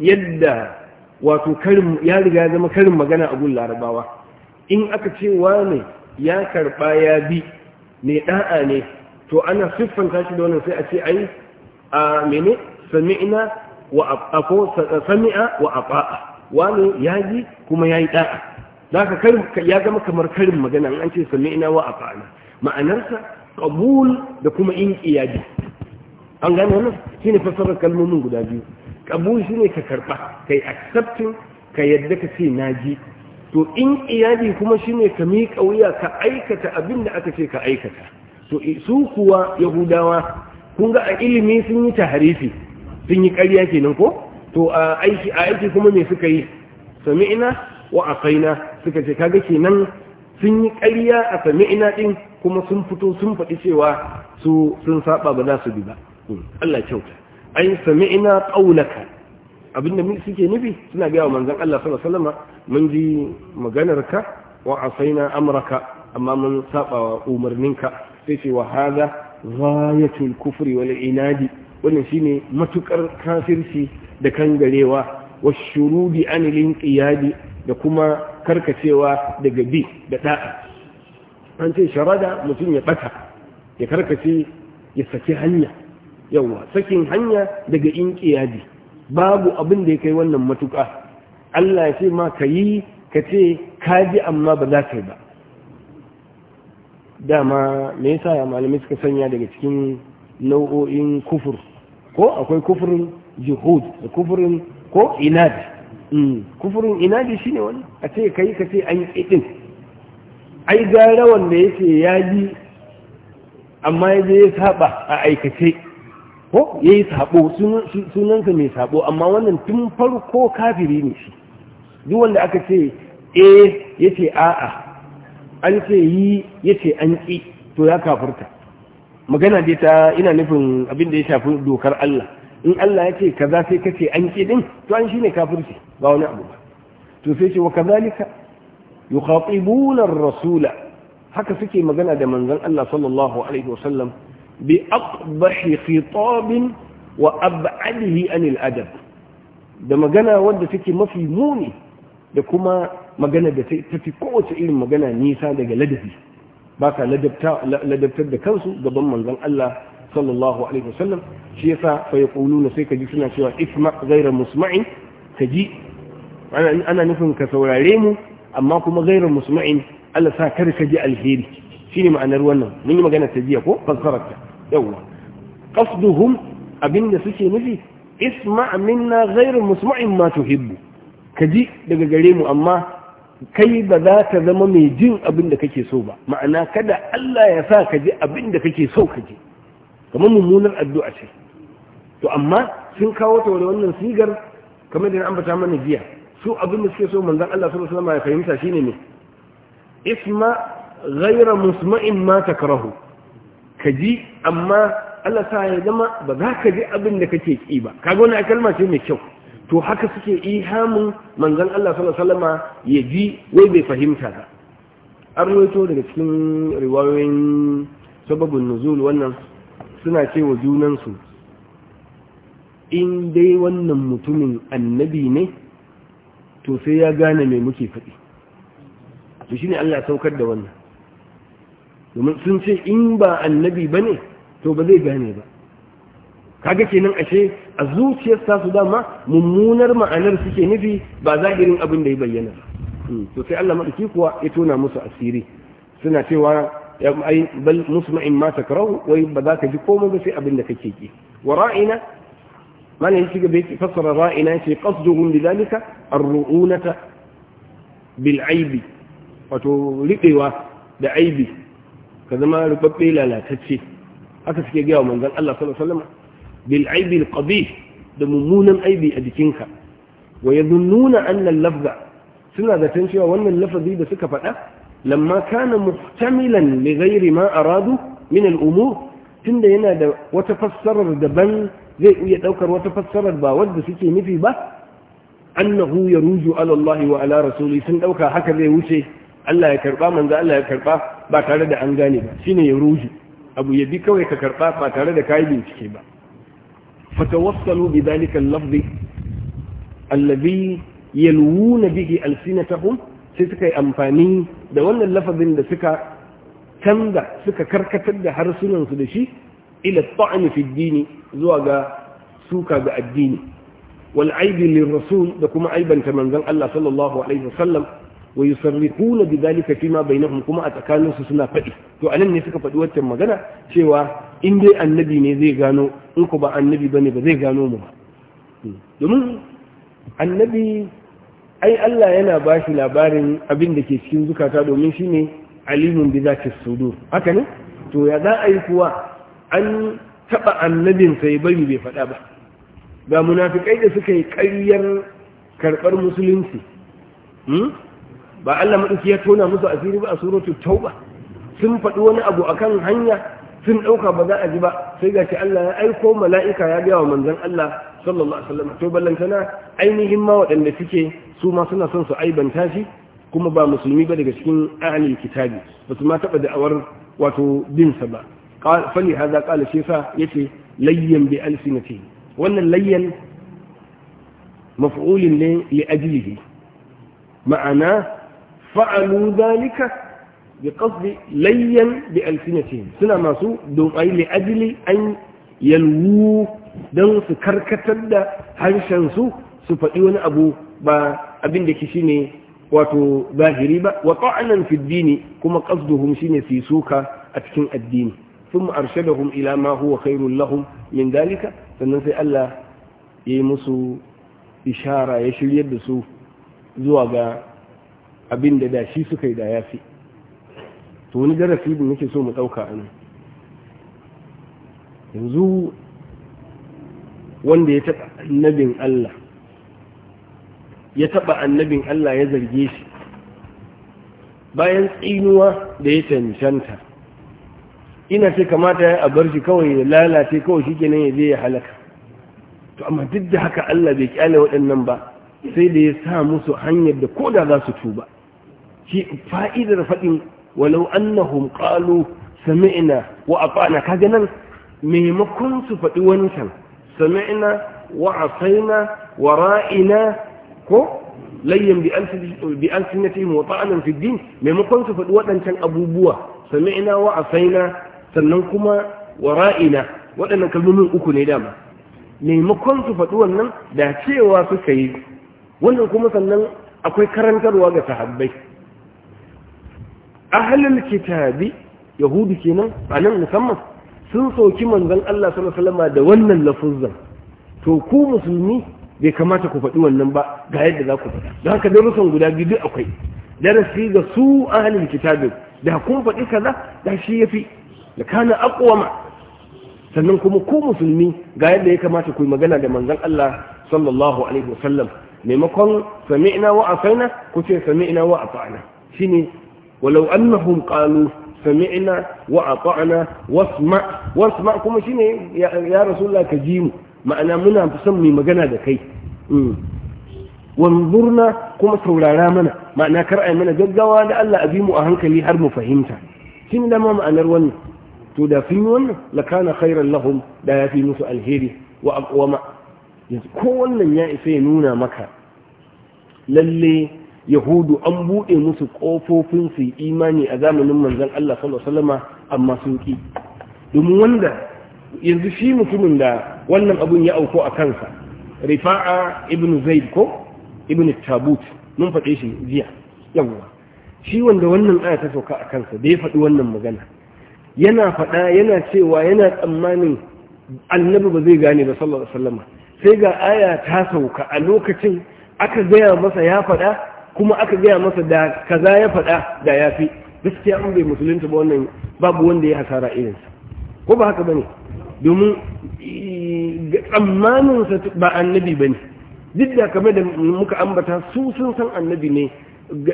yadda wato karin ya riga ya zama karin magana a gun larabawa in aka ce ne ya karba ya bi ne da'a ne to ana siffan shi da wannan sai a ce ai a mene sami'na wa sami'a wa ata'a ya ji kuma ya yi da'a zaka kai ya zama kamar karin magana an ce sami ina wa afa'na ma'anarsa qabul da kuma in iyadi an gane wannan shine fasarar kalmomin guda biyu qabul shine ka karba kai accepting ka yadda ka ce naji to in iyadi kuma shine ka miƙa wuya ka aikata abin da aka ce ka aikata to su kuwa yahudawa kun ga a ilimi sun yi taharifi sun yi ƙarya kenan ko to a aiki kuma me suka yi sami ina. wa asaina suka ce kaga kenan sun yi ƙarya a sami'ina ɗin kuma sun fito sun faɗi cewa su sun saba ba za su bi ba hmm. Allah kyauta ai sami'ina qaulaka abinda mu suke nufi suna ga manzon Allah sallallahu alaihi wasallam mun ji maganarka wa asaina amraka amma mun saba wa umarninka sai ce wa hadha ghayatul kufri wal inadi wannan shine matukar kafirci da kangarewa washurudi anilin linqiyadi da kuma karkacewa daga bi da da'a an ce sharada mutum ya bata ya karkace ya saki hanya yawa sakin hanya daga inqiyadi babu abin da ya kai wannan matuƙa Allah ya ce ma kayi ka ce ka ji amma ba za ka yi ba dama me yasa ya malami suka sanya daga cikin nau'o'in kufur ko akwai kufurin jihud da kufurin ko inadi. Hmm. kufurin ina ne shi ne wani a ce kai ka ce an yi ɗin. ai gara wanda ya ce ya yi amma ya je ya saba a aikace ko ya yi sabo sunansa mai sabo amma wannan tun farko kafiri ne shi duk wanda aka ce e, ya ce a'a an ce yi ya ce an ƙi to ya kafurta magana dai ta ina nufin abin da ya shafi dokar Allah in Allah ya ce kaza sai ka ce an ki to an shine kafirci ba wani abu ba to sai ce wa kazalika yukhatibuna ar-rasula haka suke magana da manzon Allah sallallahu alaihi wasallam bi aqbahi khitabin wa ab'adihi anil adab da magana wanda take mafi muni da kuma magana da ta fi kowace irin magana nisa daga ladabi ba ka ladabtar da kansu gaban manzon Allah sallallahu alaihi wasallam shi yasa fa yaquluna sai ka ji suna cewa isma ghayra musma'in ka ji ana nufin ka saurare mu amma kuma ghayra musma'in Allah sa kar ka ji alheri shine ma'anar wannan mun yi magana jiya ko fassararta yawa qasduhum abinda suke nufi isma minna ghayra musma'in ma tuhibbu ka ji daga gare mu amma kai ba za ka zama mai jin abinda da kake so ba ma'ana kada Allah ya sa ka ji abin da kake so ka ji kamar mummunar addu'a ce to amma sun kawo ta wani wannan sigar kamar da na ambata mana jiya su abin da suke so manzan Allah sallallahu alaihi ya fahimta shine ne isma ghayra musma'in ma takrahu ka ji amma Allah sa ya zama ba za ka ji abin da kake ki ba kaga wani kalma ce mai kyau to haka suke ihamin manzan Allah sallallahu alaihi ya ji wai bai fahimta ba an daga cikin riwayoyin sababin nuzul wannan suna cewa junansu in dai wannan mutumin annabi ne to sai ya gane mai muke faɗi to shine Allah saukar da wannan domin sun ce in ba annabi ba ne to ba zai gane ba kaga kenan ashe a zuciyar su dama mummunar ma'anar suke nufi ba zahirin abin da ya bayyana ba hmm, to sai Allah madaki kuwa ya tona musu asiri suna cewa bal musma'in ma takrahu wai ba za ka ji komai ba sai abin da kake ki wa ra'ina mana yake gaba yake fassara ra'ina yace qasduhum bidhalika ar-ru'unata bil aibi wato ribewa da aibi ka zama rubabbe lalatacce haka suke ga manzon Allah sallallahu alaihi wasallam bil aibi al qabih da mummunan aibi a jikinka wa yadhunnuna anna al-lafza suna zaton cewa wannan lafazi da suka faɗa lamma kana muhtamilan li ghairi ma aradu min al-umur tunda yana da wata fassarar daban zai iya ɗaukar wata fassarar ba wadda suke nufi ba annahu yaruju ala Allah wa ala rasuli sun ɗauka haka zai wuce Allah ya karba manza, Allah ya karba ba tare da an gane ba shine yaruju abu ya bi kawai ka karɓa ba tare da kai bincike ba fatawassalu bi dhalika al-lafzi alladhi yalwuna bihi alsinatahum sai suka yi amfani da wannan lafazin da suka canza suka karkatar da harsunansu da shi ila ta'ani fi dini zuwa ga suka ga addini wal aibi lir rasul da kuma aibanta manzon Allah sallallahu alaihi wasallam wa yusarrifuna bidhalika fima bainahum kuma a tsakaninsu suna faɗi to anan ne suka faɗi waccan magana cewa in dai annabi ne zai gano in ku ba annabi bane ba zai gano mu ba hmm. domin annabi ai Allah yana ba shi labarin abin da ke cikin zukata domin shi ne alimun bi zaki sudur haka ne to ya za a yi kuwa an taɓa annabin sai bari bai faɗa ba ga munafikai da suka yi ƙaryar karɓar musulunci hmm? ba Allah maɗuki ya tona musu asiri ba a suratu tauba sun faɗi wani abu a kan hanya sun ɗauka ba za a ji ba sai ga ce Allah ya aiko mala'ika ya biya wa manzan Allah sallallahu alaihi wasallam to ballantana ainihin ma waɗanda suke su ma suna son su aibanta shi kuma ba musulmi ba daga cikin ahlul kitabi ba su ma taba da'awar wato bin sa ba fali haza qala shi yasa yace layyan bi alsinati wannan layyan maf'ulin ne li ajlihi ma'ana fa'alu dhalika bi qasdi layyan bi alsinati suna masu don ai li ajli an yalwu don su karkatar da harshen su su faɗi wani abu ba abin da ke shi ne wato zahiri ba wa ta'anan fi dini kuma qasduhum shine fi suka a cikin addini ثم أرشدهم إلى ما هو خير لهم من musu ishara ya يمسوا da su zuwa ya abin da da shi suka yi da ya fi to wani darasi da nake so mu ɗauka a yanzu wanda ya taɓa nabin Allah ya taɓa annabin Allah ya zarge shi bayan tsinuwa da ya cancanta ina ce kamata ya bar shi kawai ya lalace kawai shi kenan ya je ya halaka to amma duk da haka Allah bai kyale waɗannan ba sai da ya sa musu hanyar da koda za su tuba shi fa'idar faɗin walau annahum qalu sami'na wa ata'na kaga nan maimakon su faɗi wancan sami'na wa asaina wa ra'ina ko layyan bi an sunnatihim mu ta'anan fi din maimakon su faɗi waɗancan abubuwa sami'na wa asaina sannan kuma wa ra'ina waɗannan kalmomin uku ne dama maimakon su faɗi wannan da cewa suka yi wannan kuma sannan akwai karantarwa ga sahabbai ahlul kitabi yahudi kenan a nan musamman sun soki manzon Allah sallallahu alaihi wasallam da wannan lafuzan to ku musulmi bai kamata ku faɗi wannan ba ga yadda za ku faɗi don haka darussan guda biyu duk akwai darasi ga su ahalin kitabin da kun faɗi kaza da shi ya fi da kana ma sannan kuma ku musulmi ga yadda ya kamata ku yi magana da manzon Allah sallallahu alaihi wasallam maimakon sami'na wa asaina ku ce sami'na wa ata'na shine walau annahum qalu sami'na wa ata'na wasma wasma kuma shine ya rasulullah ka ji mu ma'ana muna son mu magana da kai mm. wanzurna kuma saurara mana ma'ana kar ai mana gaggawa da Allah bi mu a hankali har mu fahimta shin dama ma'anar wannan to da fi wannan lakana khairan lahum da ya fi musu alheri wa aqwama yanzu ko wannan ya isa ya nuna maka lalle yahudu an buɗe musu ƙofofin su imani a zamanin manzon Allah sallallahu alaihi wasallama amma sun ki domin wanda yanzu shi mutumin da wannan abun ya auko a kansa rifa'a ibn zaid ko ibn tabut mun faɗe shi jiya yawwa shi wanda wannan aya ta sauka a kansa da ya faɗi wannan magana yana faɗa yana cewa yana tsammanin annabi ba zai gane ba sallallahu alaihi wasallam sai ga aya ta sauka a lokacin aka gaya masa ya faɗa kuma aka gaya masa da kaza ya faɗa da ya fi gaskiya an bai musulunta ba wannan babu wanda ya hasara irinsa ko ba haka bane domin eh, tsammaninsa ba annabi ba ne duk da kamar da muka ambata su sun san annabi ne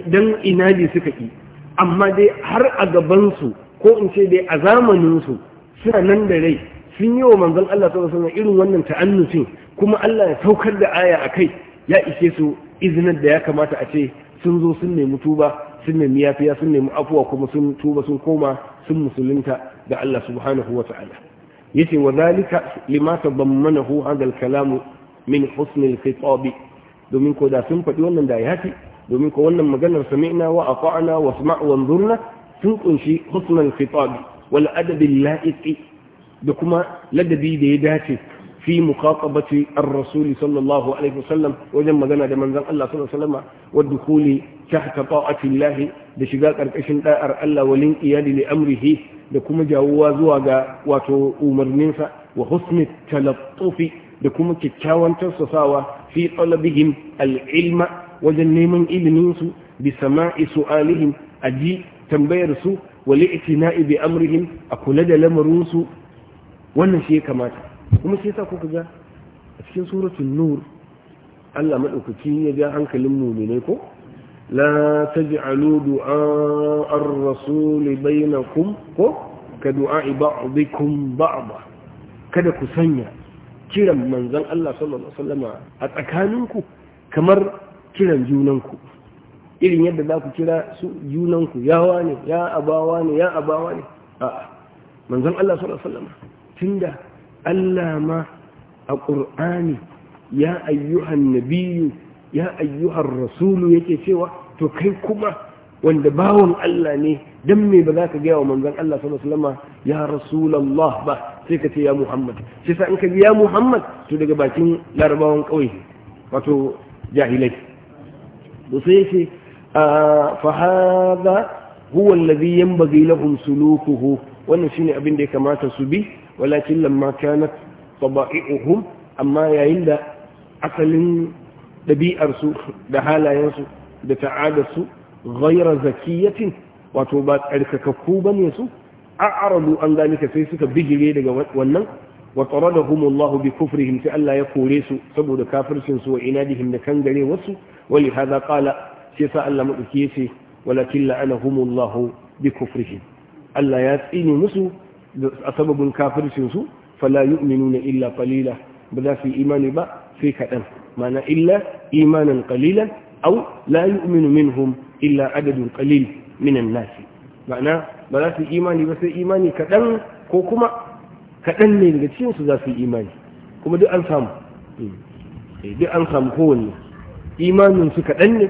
don inadi suka ƙi amma dai har a gabansu ko in ce dai a zamaninsu suna nan da rai sun yi wa manzon Allah sau alaihi irin wannan ta'annusin kuma Allah ya saukar da aya a kai ya ishe su izinin da ya kamata a ce sun zo sun nemi tuba sun nemi yafiya sun nemi afuwa kuma sun tuba sun koma sun musulunta ga Allah subhanahu wa ta'ala yace wa zalika lima mana hadha al kalamu min husn al-khitab domin ko da sun faɗi wannan da ya ce domin ko wannan maganar sami'na wa ata'na wa sma' wa sun kunshi husn al da kuma ladabi da ya dace في مخاطبة الرسول صلى الله عليه وسلم وجم مدنا دمن زن الله صلى الله عليه وسلم والدخول تحت طاعة الله لشقاق أركشن دائر ألا ولين إياد لأمره da kuma jawowa zuwa ga wato umarninsa wa husni talattufi da kuma kyakkyawan tasasawa fi talabihim al'ilma wajen neman ilimin su bi sama'i su'alihim aji tambayar su wa li'tina'i bi amrihim a kula da lamarin su wannan shi ya kamata kuma sai sa kuka ga a cikin suratul nur Allah madaukaki ya ja hankalin mu'minai ko لا تجعلوا دعاء الرسول بينكم كدعاء بعضكم بعضا kada ku sanya kiran manzan Allah sallallahu alaihi wasallama a tsakaninku kamar kiran junanku irin yadda za ku kira su junanku yawa ne ya abawa ne ya abawa ne a'a manzan Allah sallallahu alaihi wasallama tunda Allah ma a ƙur'ani ya ayyuhan nabiyyu ya ayyuhar rasulu yake cewa to kai kuma wanda bawon Allah ne dan me ba za ka gaya wa manzon Allah sallallahu alaihi ya rasulullah ba sai ka ce ya muhammad sai sa in ka ya muhammad to daga bakin larabawan kauye wato jahilai to sai yace fa hadha huwa alladhi yanbaghi lahum sulukuhu wannan shine abin da ya kamata su bi walakin lamma kanat tabaihum amma yayin da asalin ɗabi'arsu da halayensu da ta'adarsu ghaira zakiyatin wato ba tsarkakakku ba ne su a arabu an ka sai suka bigire daga wannan wa taradahum Allah bi kufrihim sai Allah ya kore su saboda kafircin su wa inadihim da kangare wasu wali kala qala sai sa Allah madauki yace walakin la'anahum Allah bi kufrihim Allah ya tsine musu a sababin kafircin su fala yu'minuna illa qalila ba za su imani ba sai kaɗan ma'ana illa إيمانا قليلا أو لا يؤمن منهم illa عدد قليل minan الناس ma'ana ba za su imani ba sai imani kaɗan ko kuma kaɗan ne daga كما دي za su imani kuma duk an samu eh, duk an samu kaɗan ne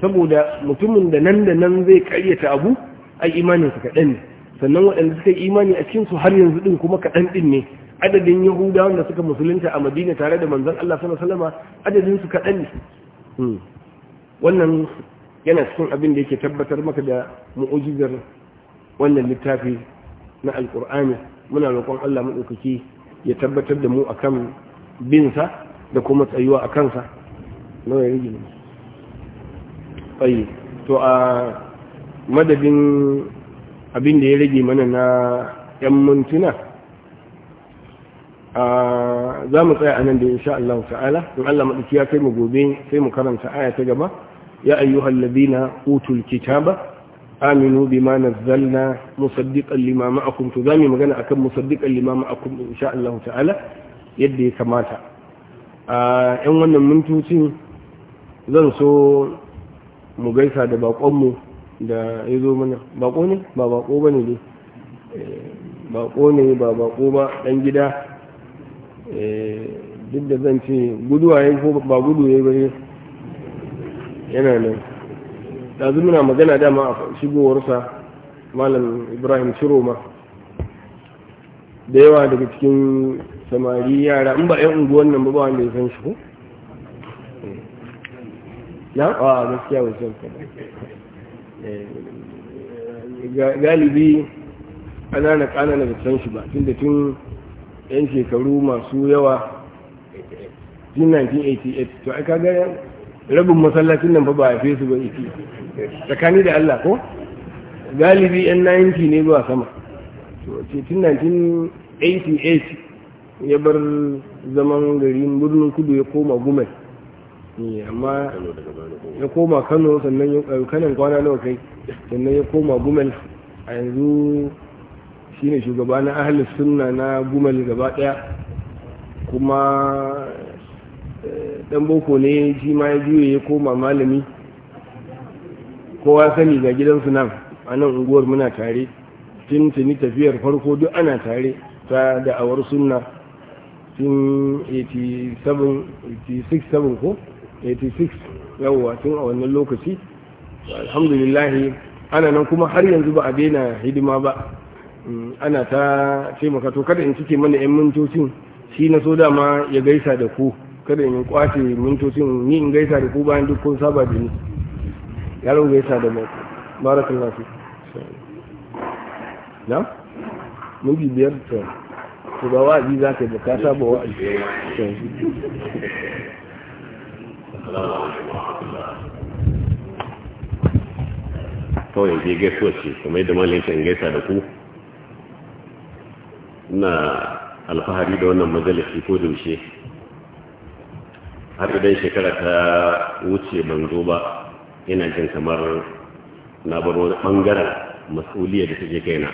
saboda mutumin da nan da nan zai karyata abu a imanin su kaɗan ne sannan waɗanda suka yi imani a cikin har yanzu ɗin kuma kaɗan ɗin ne adadin yahudawan da suka musulunta a madina tare da manzan Allah sallallahu alaihi adadin su kadan ne hmm. wannan yana cikin abin da yake tabbatar maka da mu'ujizar wannan littafi na alqur'ani muna roƙon Allah madaukaki ya tabbatar da mu akan bin sa da kuma tsayuwa akan sa nawa ya rige to a madadin abin da ya rage mana na 'yan mintuna za mu tsaya a nan da insha Allah ta'ala in Allah maɗauki ya kai mu gobe sai mu karanta aya ta gaba ya ayyuhal ladina utul kitaba aminu bima nazzalna musaddiqan lima ma'akum to zamu magana akan musaddiqan lima ma'akum insha Allah ta'ala yadda ya kamata a yan wannan mintocin zan so mu gaisa da mu da ya mana bako ne ba bako ba ne eh, bako ne ba bako ba dan gida Eh, duk da zan ce guduwa ya ko ba gudu ya bari yana nan ɗazu muna magana dama a shigowarsa malam ibrahim shiroma da yawa daga cikin samari yara in ba 'yan unguwan nan ba ba wanda ya san shi ko na a gaskiya ba san eh, galibi ana na kana daga san shi ba tun da tun 'yan shekaru masu yawa tun 1988 to aka ga rabin masallacin nan fa ba a fi su ba iki tsakani da Allah ko galibi 'yan 90 ne zuwa sama to ce tun 1988 ya bar zaman garin birnin kudu ya koma gumai eh, amma ya koma kano sannan ya kanan kwana nawa kai sannan ya koma gumel a yanzu Shi shine shugaba na ahli suna na gumal gaba daya kuma eh, dan boko ne shi ma ya juye ya koma malami kowa sani ga gidan nan a nan unguwar muna tare tun tuni tafiyar farko duk ana tare ta da'awar suna, tun 87 ko 86 yawwa tun a wannan lokaci alhamdulillahi ana nan kuma har yanzu ba a daina hidima ba Mm, ana ta taimaka to kada in cike mana yan mintocin shi na so dama ya gaisa da ku kada in kwace mintocin ni in gaisa da ku bayan duk kun saba da ni yaron gaisa da mu barakallahu fi na mun bi biyar ta to ba wa'azi za ka yi ka saba wa'azi kawai in gaisuwa ce kamar yadda malin gaisa da ku ina alfahari da wannan majalisi ko daushe har idan shekara ta wuce ban zo ba ina jin kamar na bar wani bangaren mas'uliyar da take kaina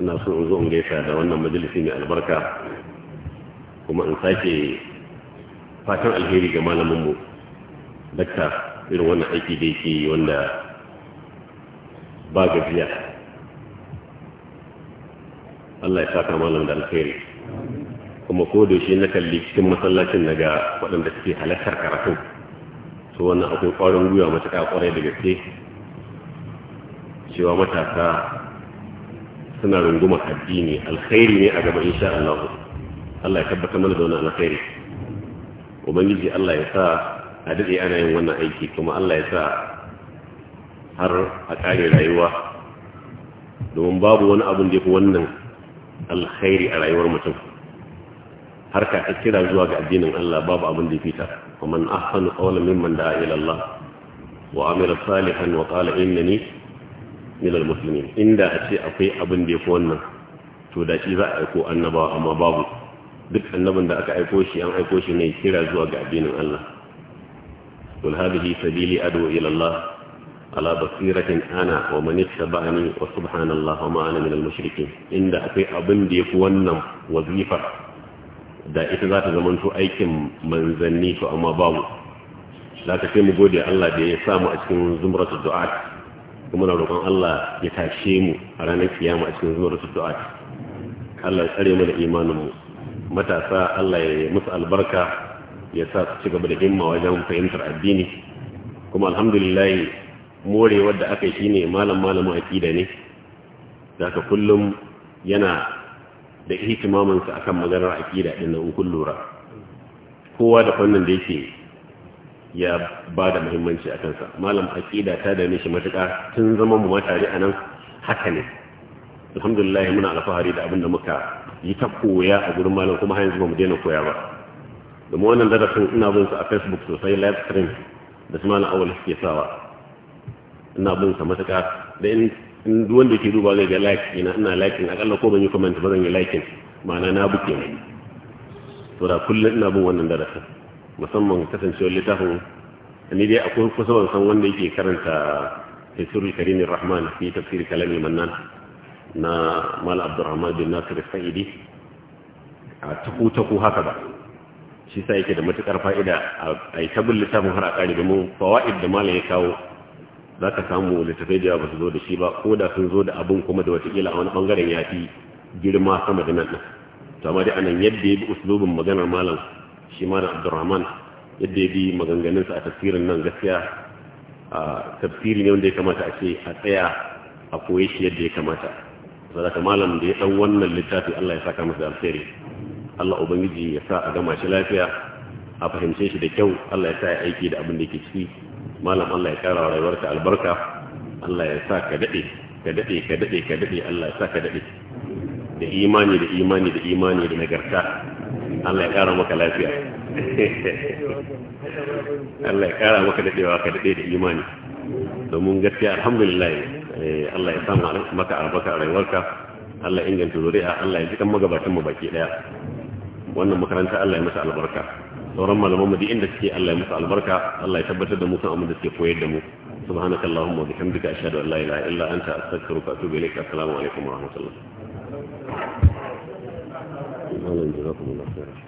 ina so in zo in gaisa da wannan majalisi mai albarka kuma in sake fatan alheri ga malaminmu dakta irin wannan aiki da yake wanda ba gajiya Allah ya saka malam da alkhairi kuma ko da shi na kalli cikin masallacin na ga waɗanda suke halartar karatu su wannan akwai ƙwarin gwiwa matuƙa ƙwarai da gaske cewa matasa suna runguma addini alkhairi ne a gaba insha Allah Allah ya tabbata mana da wannan alkhairi ubangiji Allah ya sa a dade ana yin wannan aiki kuma Allah ya sa har a kare rayuwa domin babu wani abin da ya fi wannan alkhairi a rayuwar mutum harka ta kira zuwa ga addinin Allah babu abin da fita wa man ahsanu qawlan mimman da'a ila Allah wa amila salihan wa qala innani min almuslimin inda a ce akwai abin da yafi wannan to da shi za a aiko annabawa amma babu duk annabin da aka aiko shi an aiko shi ne kira zuwa ga addinin Allah qul hadhihi sabili ad'u ila Allah على بصيرة أنا ومن اتبعني وسبحان الله وما أنا من المشركين إن دا أكي أبن دي فوانا وظيفة دا إتذات زمن شو أيكم منزني شو أما باو لا تكيم بودي الله دي سامو أشكين زمرة الدعاء كما نروقان الله يتاشيمو أرانا كيامو أشكين زمرة الدعاء الله يسألي من إيمانمو متى سا الله يمسأل بركة يسا تشيك بدهما وجهم فإنتر الديني kuma alhamdulillahi more wadda aka yi ne malam malamin ƙida ne aka kullum yana da ihtimamin a kan maganar a ƙida nan kun lura kowa da fannin da yake ya ba da muhimmanci a kansa malam a ƙida ta da shi matuƙa tun zama mu matare nan haka ne alhamdulillah muna alfahari da abin da muka yi ta koya a gurin malam kuma hanyar yanzu mu daina koya ba domin wannan darasin ina bin su a facebook sosai live stream da su malam awal suke sawa ina bin sa matuƙa da in wanda ke duba zai ga like ina ina in akalla ko ban yi comment ba zan yi like ma'ana na buke ne to da kullum ina bin wannan darasin musamman kasancewar littafin ni dai akwai kusa ban san wanda yake karanta tafsirul karim rahman fi tafsir kalami mannan na mal abdurrahman bin nasir sa'idi a tuku tuku haka ba shi sa yake da matukar fa'ida a yi tabin littafin har a ƙari domin fawaid da malam ya kawo za ka samu littafai da ba su zo da shi ba ko da sun zo da abin kuma da watakila a wani bangaren ya fi girma sama da nan ta amma dai nan yadda ya bi uslubin maganar malam shi malam abdurrahman yadda ya bi maganganinsa a tafsirin nan gaskiya a tafsiri ne wanda ya kamata a ce a tsaya a koye shi yadda ya kamata sadaka malam da ya dan wannan littafi Allah ya saka masa da alheri Allah ubangiji ya sa a gama shi lafiya a fahimce shi da kyau Allah ya sa ya aiki da abin da yake ciki malam Allah ya kara rayuwarka albarka Allah ya sa ka dade ka dade ka dade ka dade Allah ya sa ka dade da imani da imani da imani da nagarta Allah ya kara maka lafiya Allah ya kara maka dadewa ka dade da imani domin gaskiya alhamdulillah eh, Allah ya samu maka albarka rayuwarka Allah ya inganta zuri'a Allah ya ji kan magabatan mu baki daya wannan makaranta Allah ya masa albarka sauran malaman mu inda suke Allah ya musu albarka Allah ya tabbatar da mu kan abin da suke koyar da mu subhanaka allahumma wa bihamdika ashhadu an la ilaha illa anta astaghfiruka wa atubu ilaik assalamu alaikum wa rahmatullah